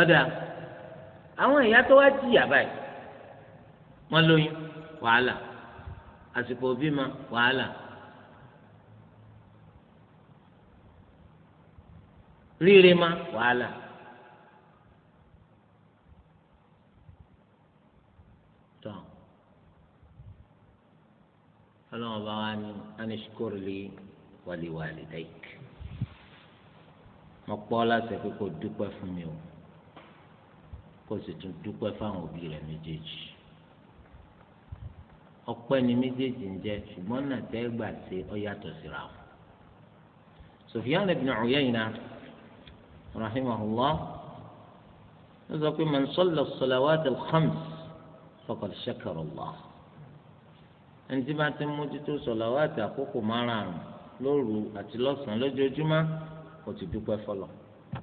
ọ̀dà àwọn ìyá tó wá jìyà báyìí wọ́n lóyún wàhálà àsìkò bímọ wàhálà rírẹ ma wàhálà. ọlọ́run bá wá ní anishkorili wàlíwàlídẹ́k mo pọ́ láti pé kó dúpẹ́ fún mi o kó sì tún dúpẹ́ fáwọn òbí rẹ̀ méjèèjì ọpẹ́ ni méjèèjì ń jẹ́ ṣùgbọ́n náà tẹ́ gbà ṣe ọ yàtọ̀ síra o Sufyan ibn Uyayna náà rahimahullah ó sọ pé man salla as-salawat al-khams faqad shakara Allah ẹni tí bá ti mójútó salawat àkókò márùn-ún lóru àti lọ́sàn-án lójoojúmọ́ kò ti dúpẹ́ fọlọ́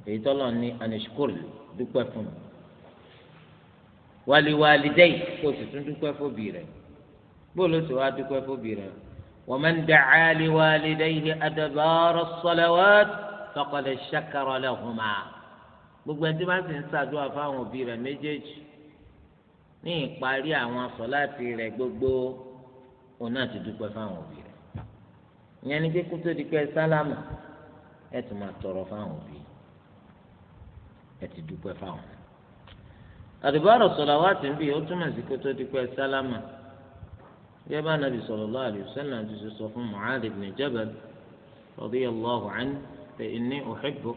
èyí tọ́lọ̀ ní anishkul dúpẹ́ fún un waliwalidayi kó o sì tún dúpẹ́ fóbi rẹ̀ bóòlù tí wàá dúpẹ́ fóbi rẹ̀ wa man da'a liwalidayhi adbara as-salawat faqad shakara lahuma gbogbo ẹni tí wọ́n sì ń ṣàdúrà fáwọn òbí rẹ̀ méjèèjì ní ìparí àwọn sọláàtì rẹ̀ gbogbo òun náà ti dúpẹ́ fáwọn òbí rẹ̀ ìyẹn ni pé kó tó di pé sálámù ẹ tún máa tọrọ fáwọn òbí ẹ ti dúpẹ́ fáwọn. àdìbárò sọ̀làwátì ń bì ó túmọ̀ sí kó di pé sálámù bí bá nàbì sallallahu alaihi wasallam ti sọ fún Mu'adh ibn Jabal radiyallahu anhu. فإني أحبه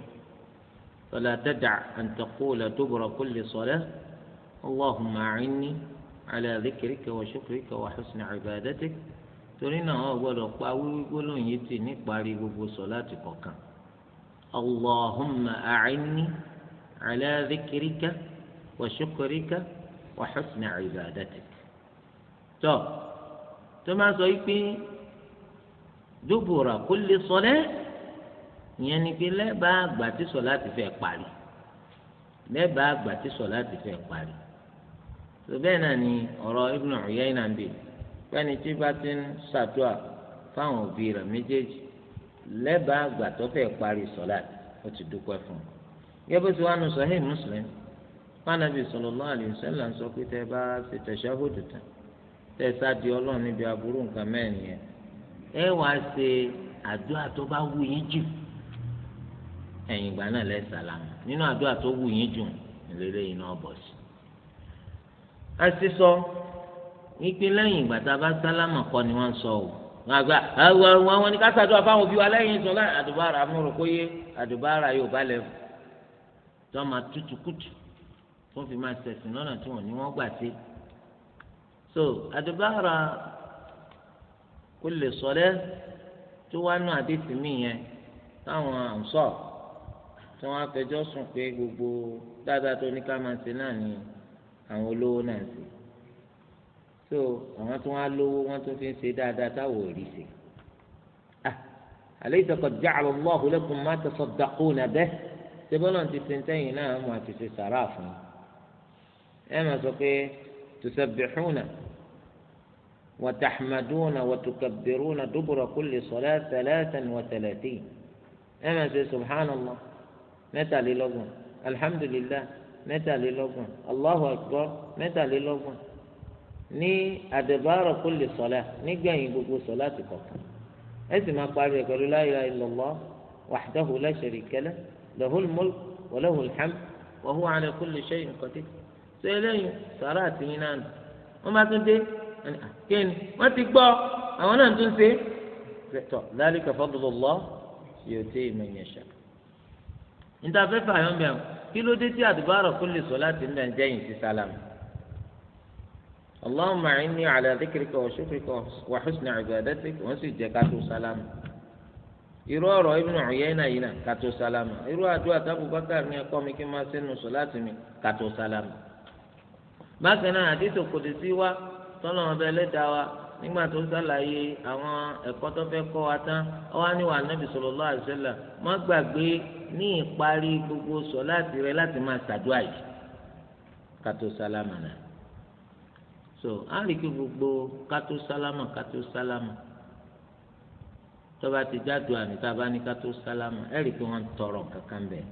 فلا تدع أن تقول دبر كل صلاة اللهم أعني على ذكرك وشكرك وحسن عبادتك ترينا أول آه، قاوي يقولون يتيني بو صلاتك وكان اللهم أعني على ذكرك وشكرك وحسن عبادتك تو تما سويكي دبر كل صلاه ìyẹn ni pé lẹ́bàá àgbà tí sọ̀lá ti fẹ́ parí lẹ́bàá àgbà tí sọ̀lá ti fẹ́ parí tó náà ni ọ̀rọ̀ Ibn Uyayna ń bè pẹ́ni tí bá ti ń ṣàdúrà fáwọn òbí rẹ̀ méjèèjì lẹ́bàá àgbà tó fẹ́ parí sọ̀lá ó ti dúpẹ́ fún un gẹ́gẹ́ bí wọ́n sọ Sahih Muslim fanabi sallallahu alaihi wasallam sọ pé tẹ́ bá ṣe tẹ̀síáhódù tán tẹ́ sáàdì ọlọ́run níbi aburú nǹkan mẹ́rin yẹn ẹ wàá ṣe àdúrà tó bá wù jù ẹ̀yìn ìgbà náà lẹ́ sàlámù nínú àdúrà tó wù yín jù ìrere yìí náà bọ̀ sí. a ti sọ wípé lẹ́yìn ìgbà tá a bá sálámù kọ́ ni wọ́n sọ o àgbà àwọn àwọn ní ká ṣàdúrà fáwọn òbí wa lẹ́yìn sọ láì àdùbára amúrò kó yé àdùbára yóò bá lẹ́wọ̀ tó máa tutù kùtù tó fi máa ṣẹ̀sìn lọ́nà tí wọ́n ní wọ́n gbà sí. so àdùbára kò lè sọ dẹ́ tó wá nù àdéhùn mí yẹn táwọn àǹsọ̀rọ̀ tí wọ́n afẹjọ́ sùn pé gbogbo dáadáa tó ní ká máa ṣe náà ni àwọn olówó náà ṣe so àwọn tí wọ́n á lówó wọ́n tún fi ń ṣe dáadáa táwọn ò rí ṣe. Ah, alaysa qad ja'ala Allahu lakum ma tasaddaquna bih ṣé bọ́lá ti ṣe tẹ́yìn náà mo àti ṣe sàrà fún ẹ máa sọ pé tusabbihuna wa tahmaduna wa tukabbiruna dubura kulli salati thalathan wa thalathin ẹ máa ṣe subhanallah mẹ́tàlélọ́gbọ̀n alihamdulilayi mẹ́tàlélọ́gbọ̀n allahu akbar mẹ́tàlélọ́gbọ̀n ní àdèbárò kò lè sọlá nígbẹ̀yìn gbogbo sọlá ti kọ̀ọ̀kan ẹ sì máa parí ẹ̀ pẹ̀lú la ilaha illallah wahdahu la sharika lah lahul mulk wa lahul hamd wa huwa ala kulli shay'in qadir tó eléyìí sàrà àti yín náà nù wọ́n bá tún dé ah, kéènì wọ́n ti gbọ́ àwọn náà tún ṣe tọ́ dhalika fadlullah yu'tihi man yasha' níta fẹ́ fààyàn mẹ́rin kí ló dé tí àdúbàrọ̀ kó lè sọ láti ń dàn jẹ́yìn sí sálámù. اللهم إني على ذكرك وشكرك وحسن عبادتك وسجد كاتو سلام irú ọ̀rọ̀ ibùnú ọ̀yẹ́nà yìí náà kàtó sálámà irú àdúrà tábù bákàr ní ẹ̀kọ́ mi kí n máa sínú sọ̀láàtì mi kàtó sálámà. bákan náà àdìsò kò dé sí wa tọ́lọ́ ọbẹ̀ ẹlẹ́dàá wa nígbà tó sàlàyé àwọn ẹ̀kọ́ tó fẹ́ kọ́ wa tán ọwọ́ ní wà nábì sallallahu alaihi wasallam má gbàgbé ní ìparí gbogbo sọ̀láàtì rẹ láti máa ṣàdúrà yìí kátó sálámà náà so á rí kí gbogbo kátó sálámà kátó sálámà tọ́ba ti jáde àmì tába ní kátó sálámà ẹ rí kí wọ́n ń tọrọ kankan bẹ́ẹ̀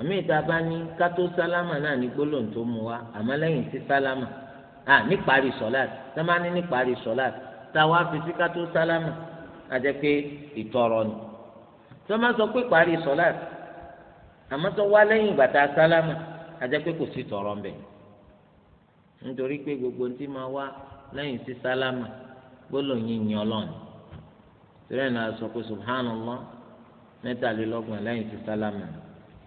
àmì ìtaba ní kátó sálámà náà ní gbólóhùn tó mu wá àmọ́ lẹ́yìn sí sálámà à níparí sọ̀láàtì sábà ní níparí sọ̀láàtì táwa fi sí kátó sálámà àjẹpé ìtọrọ ni tí wọ́n máa sọ pé parí sọ́láàtì àmọ́ tó wá lẹ́yìn bàtà sálámà ajẹ́ pé kò sí tọ̀rọ̀ ń bẹ̀ nítorí pé gbogbo tí máa wá lẹ́yìn sí sálámà gbólóyìn yín ọlọ́run torí ẹ̀ náà sọ pé subhanallah mẹ́tàlélọ́gbọ̀n lẹ́yìn sí sálámà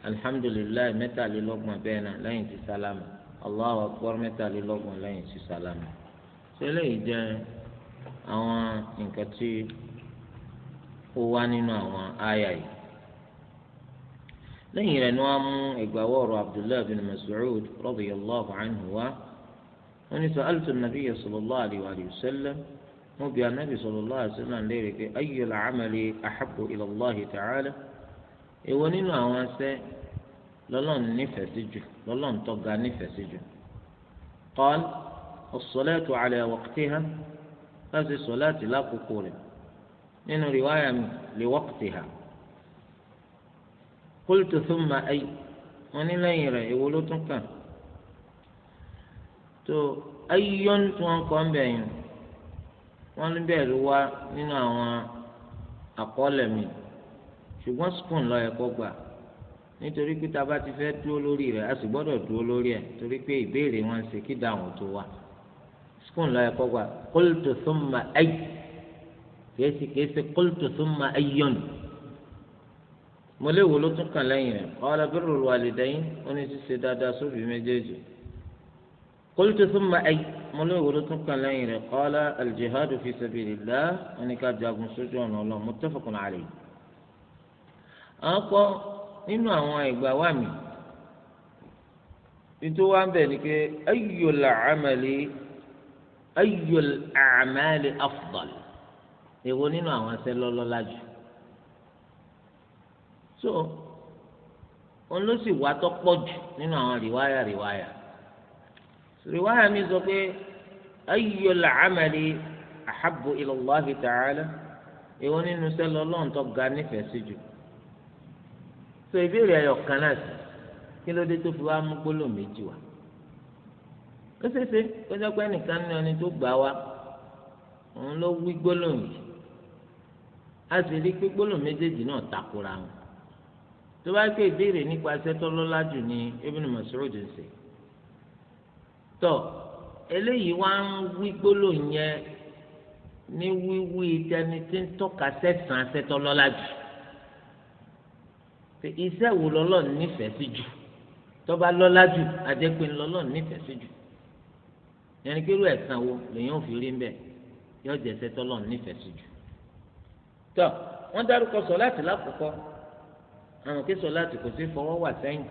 alihamdulilayi mẹ́tàlélọ́gbọ̀n bẹ́ẹ̀ náà lẹ́yìn sí sálámà allahu akbar mẹ́tàlélọ́gbọ̀n lẹ́yìn sí sálámà tẹ́lẹ̀ yìí jẹ́ àwọn nǹkan tí ó wá nínú àwọn àyà yìí lẹ́yìn rẹ̀ ni wọ́n mú ìgbàwọ́ ọ̀rọ̀ abdullahi bin mas'ud radiyallahu anhu wá wọ́n ní sa'altu an-nabiyya sallallahu alayhi wa sẹ́lẹ̀ mo bi anabi sallallahu alayhi wa sallam léèrè pé ayyul amali ahabbu ila Allahi ta'ala ìwọ nínú àwọn ẹsẹ́ lọ́lọ́run nífẹ̀ẹ́ sí jù lọ́lọ́run tó nífẹ̀ẹ́ sí jù qala as-salatu ala waqtiha nínú rìwáyà mi liwaqtiha qultu thumma ay wọn ní lẹ́yìn rẹ̀ èwo ló tún kàn tó ayyọ́n tí wọ́n kọ́ ń bẹ̀ yẹn wọ́n ń bẹ̀rù wá nínú àwọn àkọọ́lẹ̀ mi ṣùgbọ́n spoon ló yẹ kó gbà nítorí pé tá a bá ti fẹ́ dúró lórí rẹ̀ a sì gbọ́dọ̀ dúró lórí ẹ̀ torí pé ìbéèrè wọn ṣe kí dáhùn tó wà spoon ló yẹ kó gbà qultu thumma ay kèésì kèésì qultu thumma ayyun mo léwo ló tún kàn lẹ́yìn rẹ̀ qala birrul walidayn ó ní ṣíṣe dáadáa sóbì méjèèjì qultu thumma ayy mo léwo ló tún kàn lẹ́yìn rẹ̀ qala al-jihadu fi sabilillah ó ní ká jagun sójú ọ̀nà Ọlọ́run muttafaqun alayhi. àwọn kọ́ nínú àwọn ìgbà wà mí nítorí wá ń bẹ̀ ni pé ayyul amali ayyul a'mali afdal èwo nínú àwọn asẹ́ lọ́lọ́lá jù so òun ló sì wá tó pọ̀ jù nínú àwọn rìwáyà rìwáyà rìwáyà mi sọ pé ayyul amali ahabbu ila Allahi ta'ala èwo nínú sẹ́lọ ọlọ́run tó ga nífẹ̀ẹ́ sí jù so ìbéèrè ẹ̀yọ̀ kan náà sí kí ló dé tó fi wá mú gbólóhùn méjì wá ó ṣeéṣe kó jẹ́ pé ẹnìkan ní ọni tó gbà wá òun ló wí gbólóhùn yìí a sì rí pé gbólóhùn méjèèjì náà takora wọn tó bá pé ìbéèrè nípa sẹ́tọ́lọ́lá jù ní Ibn Mas'ud ń ṣe tọ́ eléyìí wá ń wí gbólóhùn yẹn ní wíwí tẹni tí ń tọ́ka sẹ́sàn sẹ́tọ́lọ́lá jù iṣẹ́ wo lọ́lọ́ nífẹ̀ẹ́ sí jù tọ́ba lọ́lá jù àjẹpé lọ́lọ́ nífẹ̀ẹ́ sí jù yẹnni kí irú ẹ̀sán wo lèyàn ò fi rí ń bẹ̀ yọ jẹ́ sẹ́tọ́lọ́ nífẹ̀ẹ́ sí jù tọ wọn dárúkọ sọláàtì lákòókò àwọn kí sọláàtì kò sí fọwọ́ wà sẹ́yìn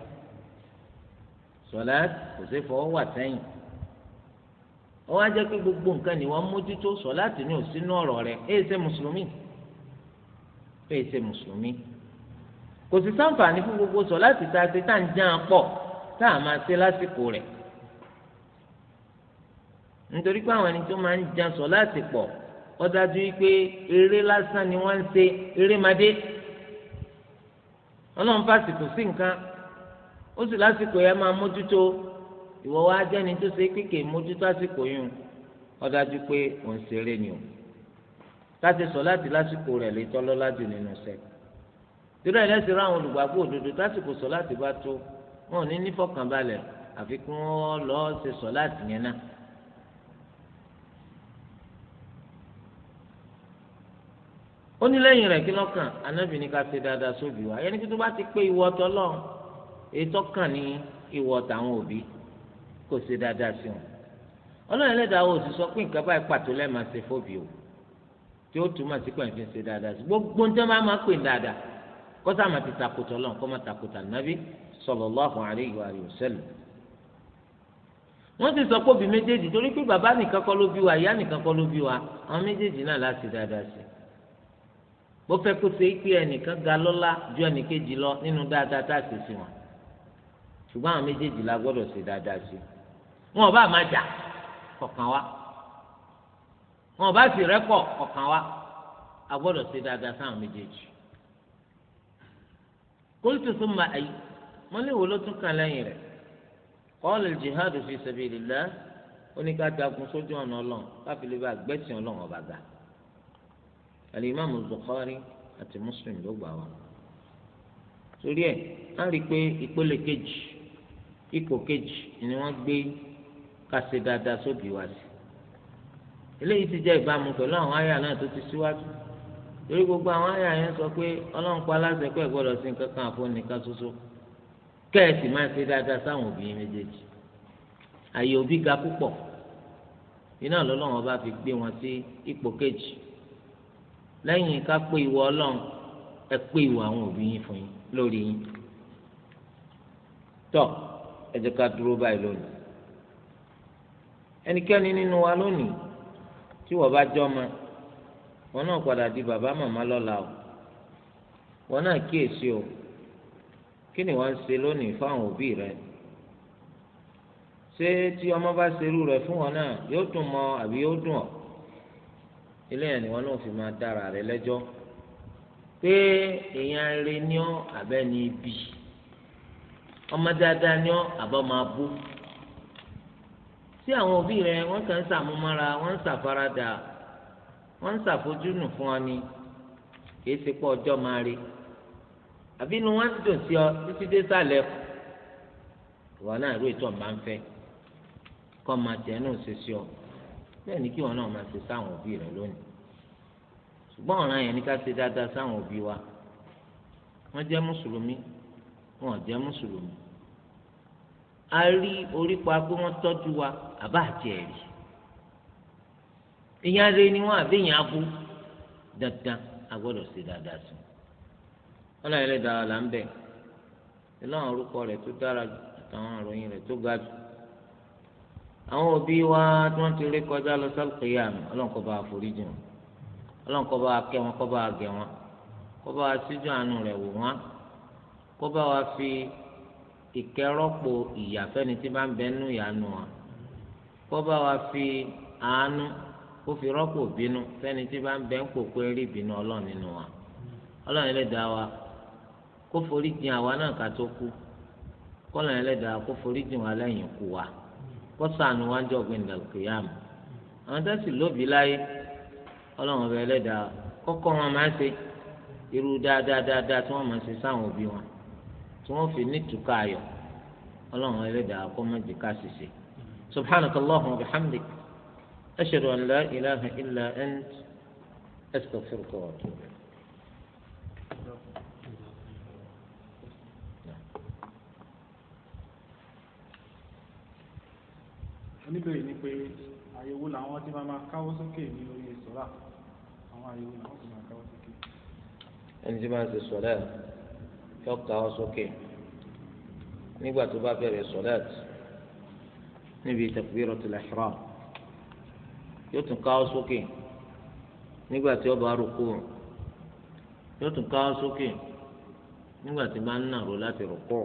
sọláàtì kò sí fọwọ́ wà sẹ́yìn ó wá jẹ́ pé gbogbo nǹkan ni wọ́n mójútó sọláàtì ní òsínú ọ̀rọ̀ rẹ̀ èyí ṣe mùsùlùmí èyí ṣe mùsùlùmí kò sí sáǹfààní fún gbogbo sọláàtì tá a ṣe tá à ń já a pọ̀ tá a máa ṣe lásìkò rẹ̀ nítorí pé àwọn ẹni tó máa ń já sọláàtì pọ̀ ó dájú wípé eré lásán ni wọ́n ń ṣe eré madé ọlọ́run fásitì sí nǹkan ó sì lásìkò yẹn máa mójútó ìwọ wa jẹ́ni tó ṣe kéèké mójútó àsìkò yìí ó dájú pé òun ṣeré ni o láti sọ láti lásìkò rẹ̀ lè tọ́lọ́ láti nínú sẹ́ẹ̀ torí ẹ̀ lẹ́sìn ra àwọn olùgbàgbọ́ òdodo tásìkò sọ láti bá tó wọn ò ní nífọ̀kànbalẹ̀ àfikún wọn lọ́ọ́ ṣe sọ láti yẹn náà ó ní lẹ́yìn rẹ̀ kí lọ́kàn anábì ní ká ṣe dáadáa sóbì wa yẹn ní kí tó bá ti pé ìwọ ọtọ lọ́hùn èyí tó kàn ní ìwọ tàwọn òbí kò ṣe dáadáa sí wọn ọlọ́run ẹlẹ́dàá wo sì sọ pé nǹkan báyìí pàtó lẹ́ẹ̀ máa ṣe fóbi o tí ó túmọ̀ sí pé nǹkan ṣe dáadáa sí gbogbo ń máa máa pè dáadáa kó sáà máa ti takùtọ̀ lọ́n kó máa takùtà nábì sallallahu alaihi wa sallam wọ́n ti sọ pé òbí méjèèjì torí pé bàbá nìkan kọ́ ló bí wa ìyá nìkan kọ́ ló bí wa àwọn méjèèjì náà láti dáadáa sí ó fẹ́ kó ṣe pé ẹnìkan ga lọ́lá ju ẹnìkejì lọ nínú dáadáa tá a ṣe sí wọn ṣùgbọ́n àwọn méjèèjì la gbọ́dọ̀ ṣe dáadáa sí wọn ò bá máa jà kọ̀kan wa wọn ò bá sì rẹ́pọ̀ kọ̀kan wa a gbọ́dọ̀ ṣe dáadáa sáwọn méjèèjì kóòtù tó máa ayé wọn léwo ló tún kàn lẹ́yìn rẹ̀ qala al-jihadu fi sabilillah oníkàtà kún sójú ọ̀nà ọlọ́run káfílẹ́ bá gbẹ̀sìn ọlọ́run ọba gbà alimami Bukhari àti Muslim ló gbà wá torí ẹ̀ á rí i pé ìpele kejì ipò kejì ni wọ́n gbé kásẹ̀ dáadáa sóbì wá sí eléyìí ti jẹ́ ìbámu pẹ̀lú àwọn àyà náà tó ti síwájú torí gbogbo àwọn àyà yẹn sọ pé ọlọ́run pa aláṣẹ pé gbọ́dọ̀ sí nǹkan kan àfọ nìkan ṣoṣo kẹ́ẹ̀sì máa ṣe dáadáa sáwọn obìnrin méjèèjì àyè òbí ga púpọ̀ iná lọ́lọ́run ọba fi gbé wọn sí ipò kejì lẹ́yìn ká pé ìwọ ọlọ́run ẹ pé ìwọ àwọn òbí yín fún yín lórí yín tọ́ ẹ jẹ́ ká dúró báyìí lónìí ẹnikẹ́ni nínú wa lónìí tí wọ́n bá jọ́ ma wọn náà padà di bàbá màmá lọ́la o wọn náà kíyèsí o kí ni wọ́n ń ṣe lónìí fáwọn òbí rẹ ṣé tí ọmọ bá ṣerú rẹ fún wọn náà yóò dùn mọ́ àbí yóò dùn ọ́ eléyàn ni wọn náà fi máa dára rẹ lẹ́jọ́ pé èèyàn rere ni ọ abẹ ni ibi ọmọ dáadáa ni ọ àbọ máa bú tí àwọn òbí rẹ wọn kàn ń sàmúmọ́ra wọn ń sàfaradà wọn ń sàfojúnù fún ọ ni kì í ṣe pé ọjọ́ máa rí àbí inú wọn dùn sí ọ títí dé sàlẹ̀ ìwọ náà ìró ìtọ̀ máa ń fẹ́ kọ́ máa tẹ̀ ẹ́ náà ṣe sí ọ bẹ́ẹ̀ ni kí wọn náà máa ṣe sáwọn òbí rẹ lónìí ṣùgbọ́n ọ̀ràn yẹn ni ká ṣe dáadáa sáwọn òbí wa wọ́n jẹ́ mùsùlùmí wọn ò jẹ́ mùsùlùmí a rí orípa pé wọ́n tọ́jú wa àbá àti ẹ̀rí ìyá rẹ ni wọn àbí ìyá abú dandan a gbọ́dọ̀ ṣe dáadáa sí wọn láyé lẹ́dàá là ń bẹ̀ ẹ̀ lọ́wọ́n orúkọ rẹ̀ tó dára àtàwọn àròyìn rẹ̀ tó ga àwọn òbí wa tí wọ́n ti rí kọjá lọ sálùkìyà mi ọlọ́run bá foríjì wọn ọlọ́run bá wa kẹ́ wọn kó bá gẹ̀ wọn kó bá síjú àánú rẹ̀ wò wọn bá wa fi ìkẹ́rọ́pò ìyàfẹ́ni tí bá ń bẹ nú ìyanu wọn kó bá wa fi àánú kó fi rọ́pò bínú fẹ́ni tí bá ń bẹ ń bínú ọlọ́run nínú kọ́sàánù wá ń jọ ọ̀gbìn ìdàlùkìyàmù àwọn tó sì lóbi láyé ọlọ́run ọba ẹlẹ́dàá kọ́kọ́ wọn máa ń ṣe irú dáadáa dáadáa tí wọ́n máa ń ṣe sáwọn òbí wọn tí wọ́n fi nítukà ayọ̀ ọlọ́run ẹlẹ́dàá kọ́ máa jìkà ṣiṣẹ́ subhanaka allahumma wa bihamdik ashhadu an la ilaha illa ant astaghfiruka wa atubu níbẹ̀rẹ̀ ni pé àyẹ̀wò làwọn tí máa máa káwọ́ sókè ní orí sọ́lá àwọn àyẹ̀wò làwọn tí máa káwọ́ sókè. ẹni tí máa ń ṣe sọ́lá yóò káwọ́ sókè nígbà tó bá bẹ̀rẹ̀ sọ́lá níbi takbiratul ihram yóò tún káwọ́ sókè nígbà tí ó bá rúkú yóò tún káwọ́ sókè nígbà tí bá ń nàró láti rúkú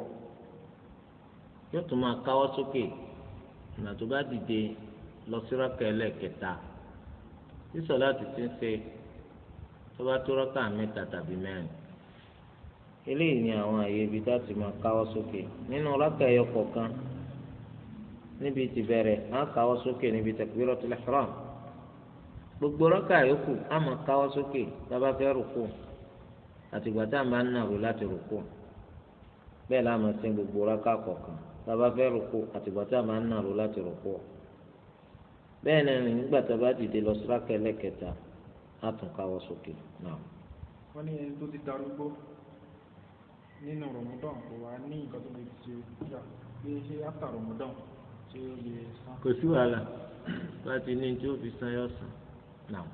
yóò tún máa káwọ́ sókè ìgbà tó bá dìde lọ sí rákà ẹlẹ́ẹ̀kẹta tí sọláàtì ti ń ṣe tó bá tó rákà mẹ́ta tàbí mẹ́rin eléyìí ni àwọn àyè ibi tá a ti máa káwọ́ sókè nínú rákà ẹyọ kọ̀ọ̀kan níbi tí bẹ̀rẹ̀ á káwọ́ sókè níbi takbiratul ihram gbogbo rákà yòókù á máa káwọ́ sókè tá a bá fẹ́ rùkù àtìgbà tá a máa ń nàró láti rùkù bẹ́ẹ̀ láà máa ṣe gbogbo rákà kọ̀ọ̀kan bàbá fẹ́ rúkú àtìgbà tá a máa ń nàró láti rúkú ọ bẹ́ẹ̀ náà ní nígbà tá a bá dìde lọ síráàkì ẹlẹ́kẹta á tún káwọ́ sókè náà. wọ́n ní ẹni tó ti darúgbó nínú rọ̀mọ́dán kò wá ní nǹkan tó lè ṣe ìjà pé ṣé áfà rọ̀mọ́dán ṣé ó lè san. kò sí wàhálà láti ní tí ó fi san yọ san náà.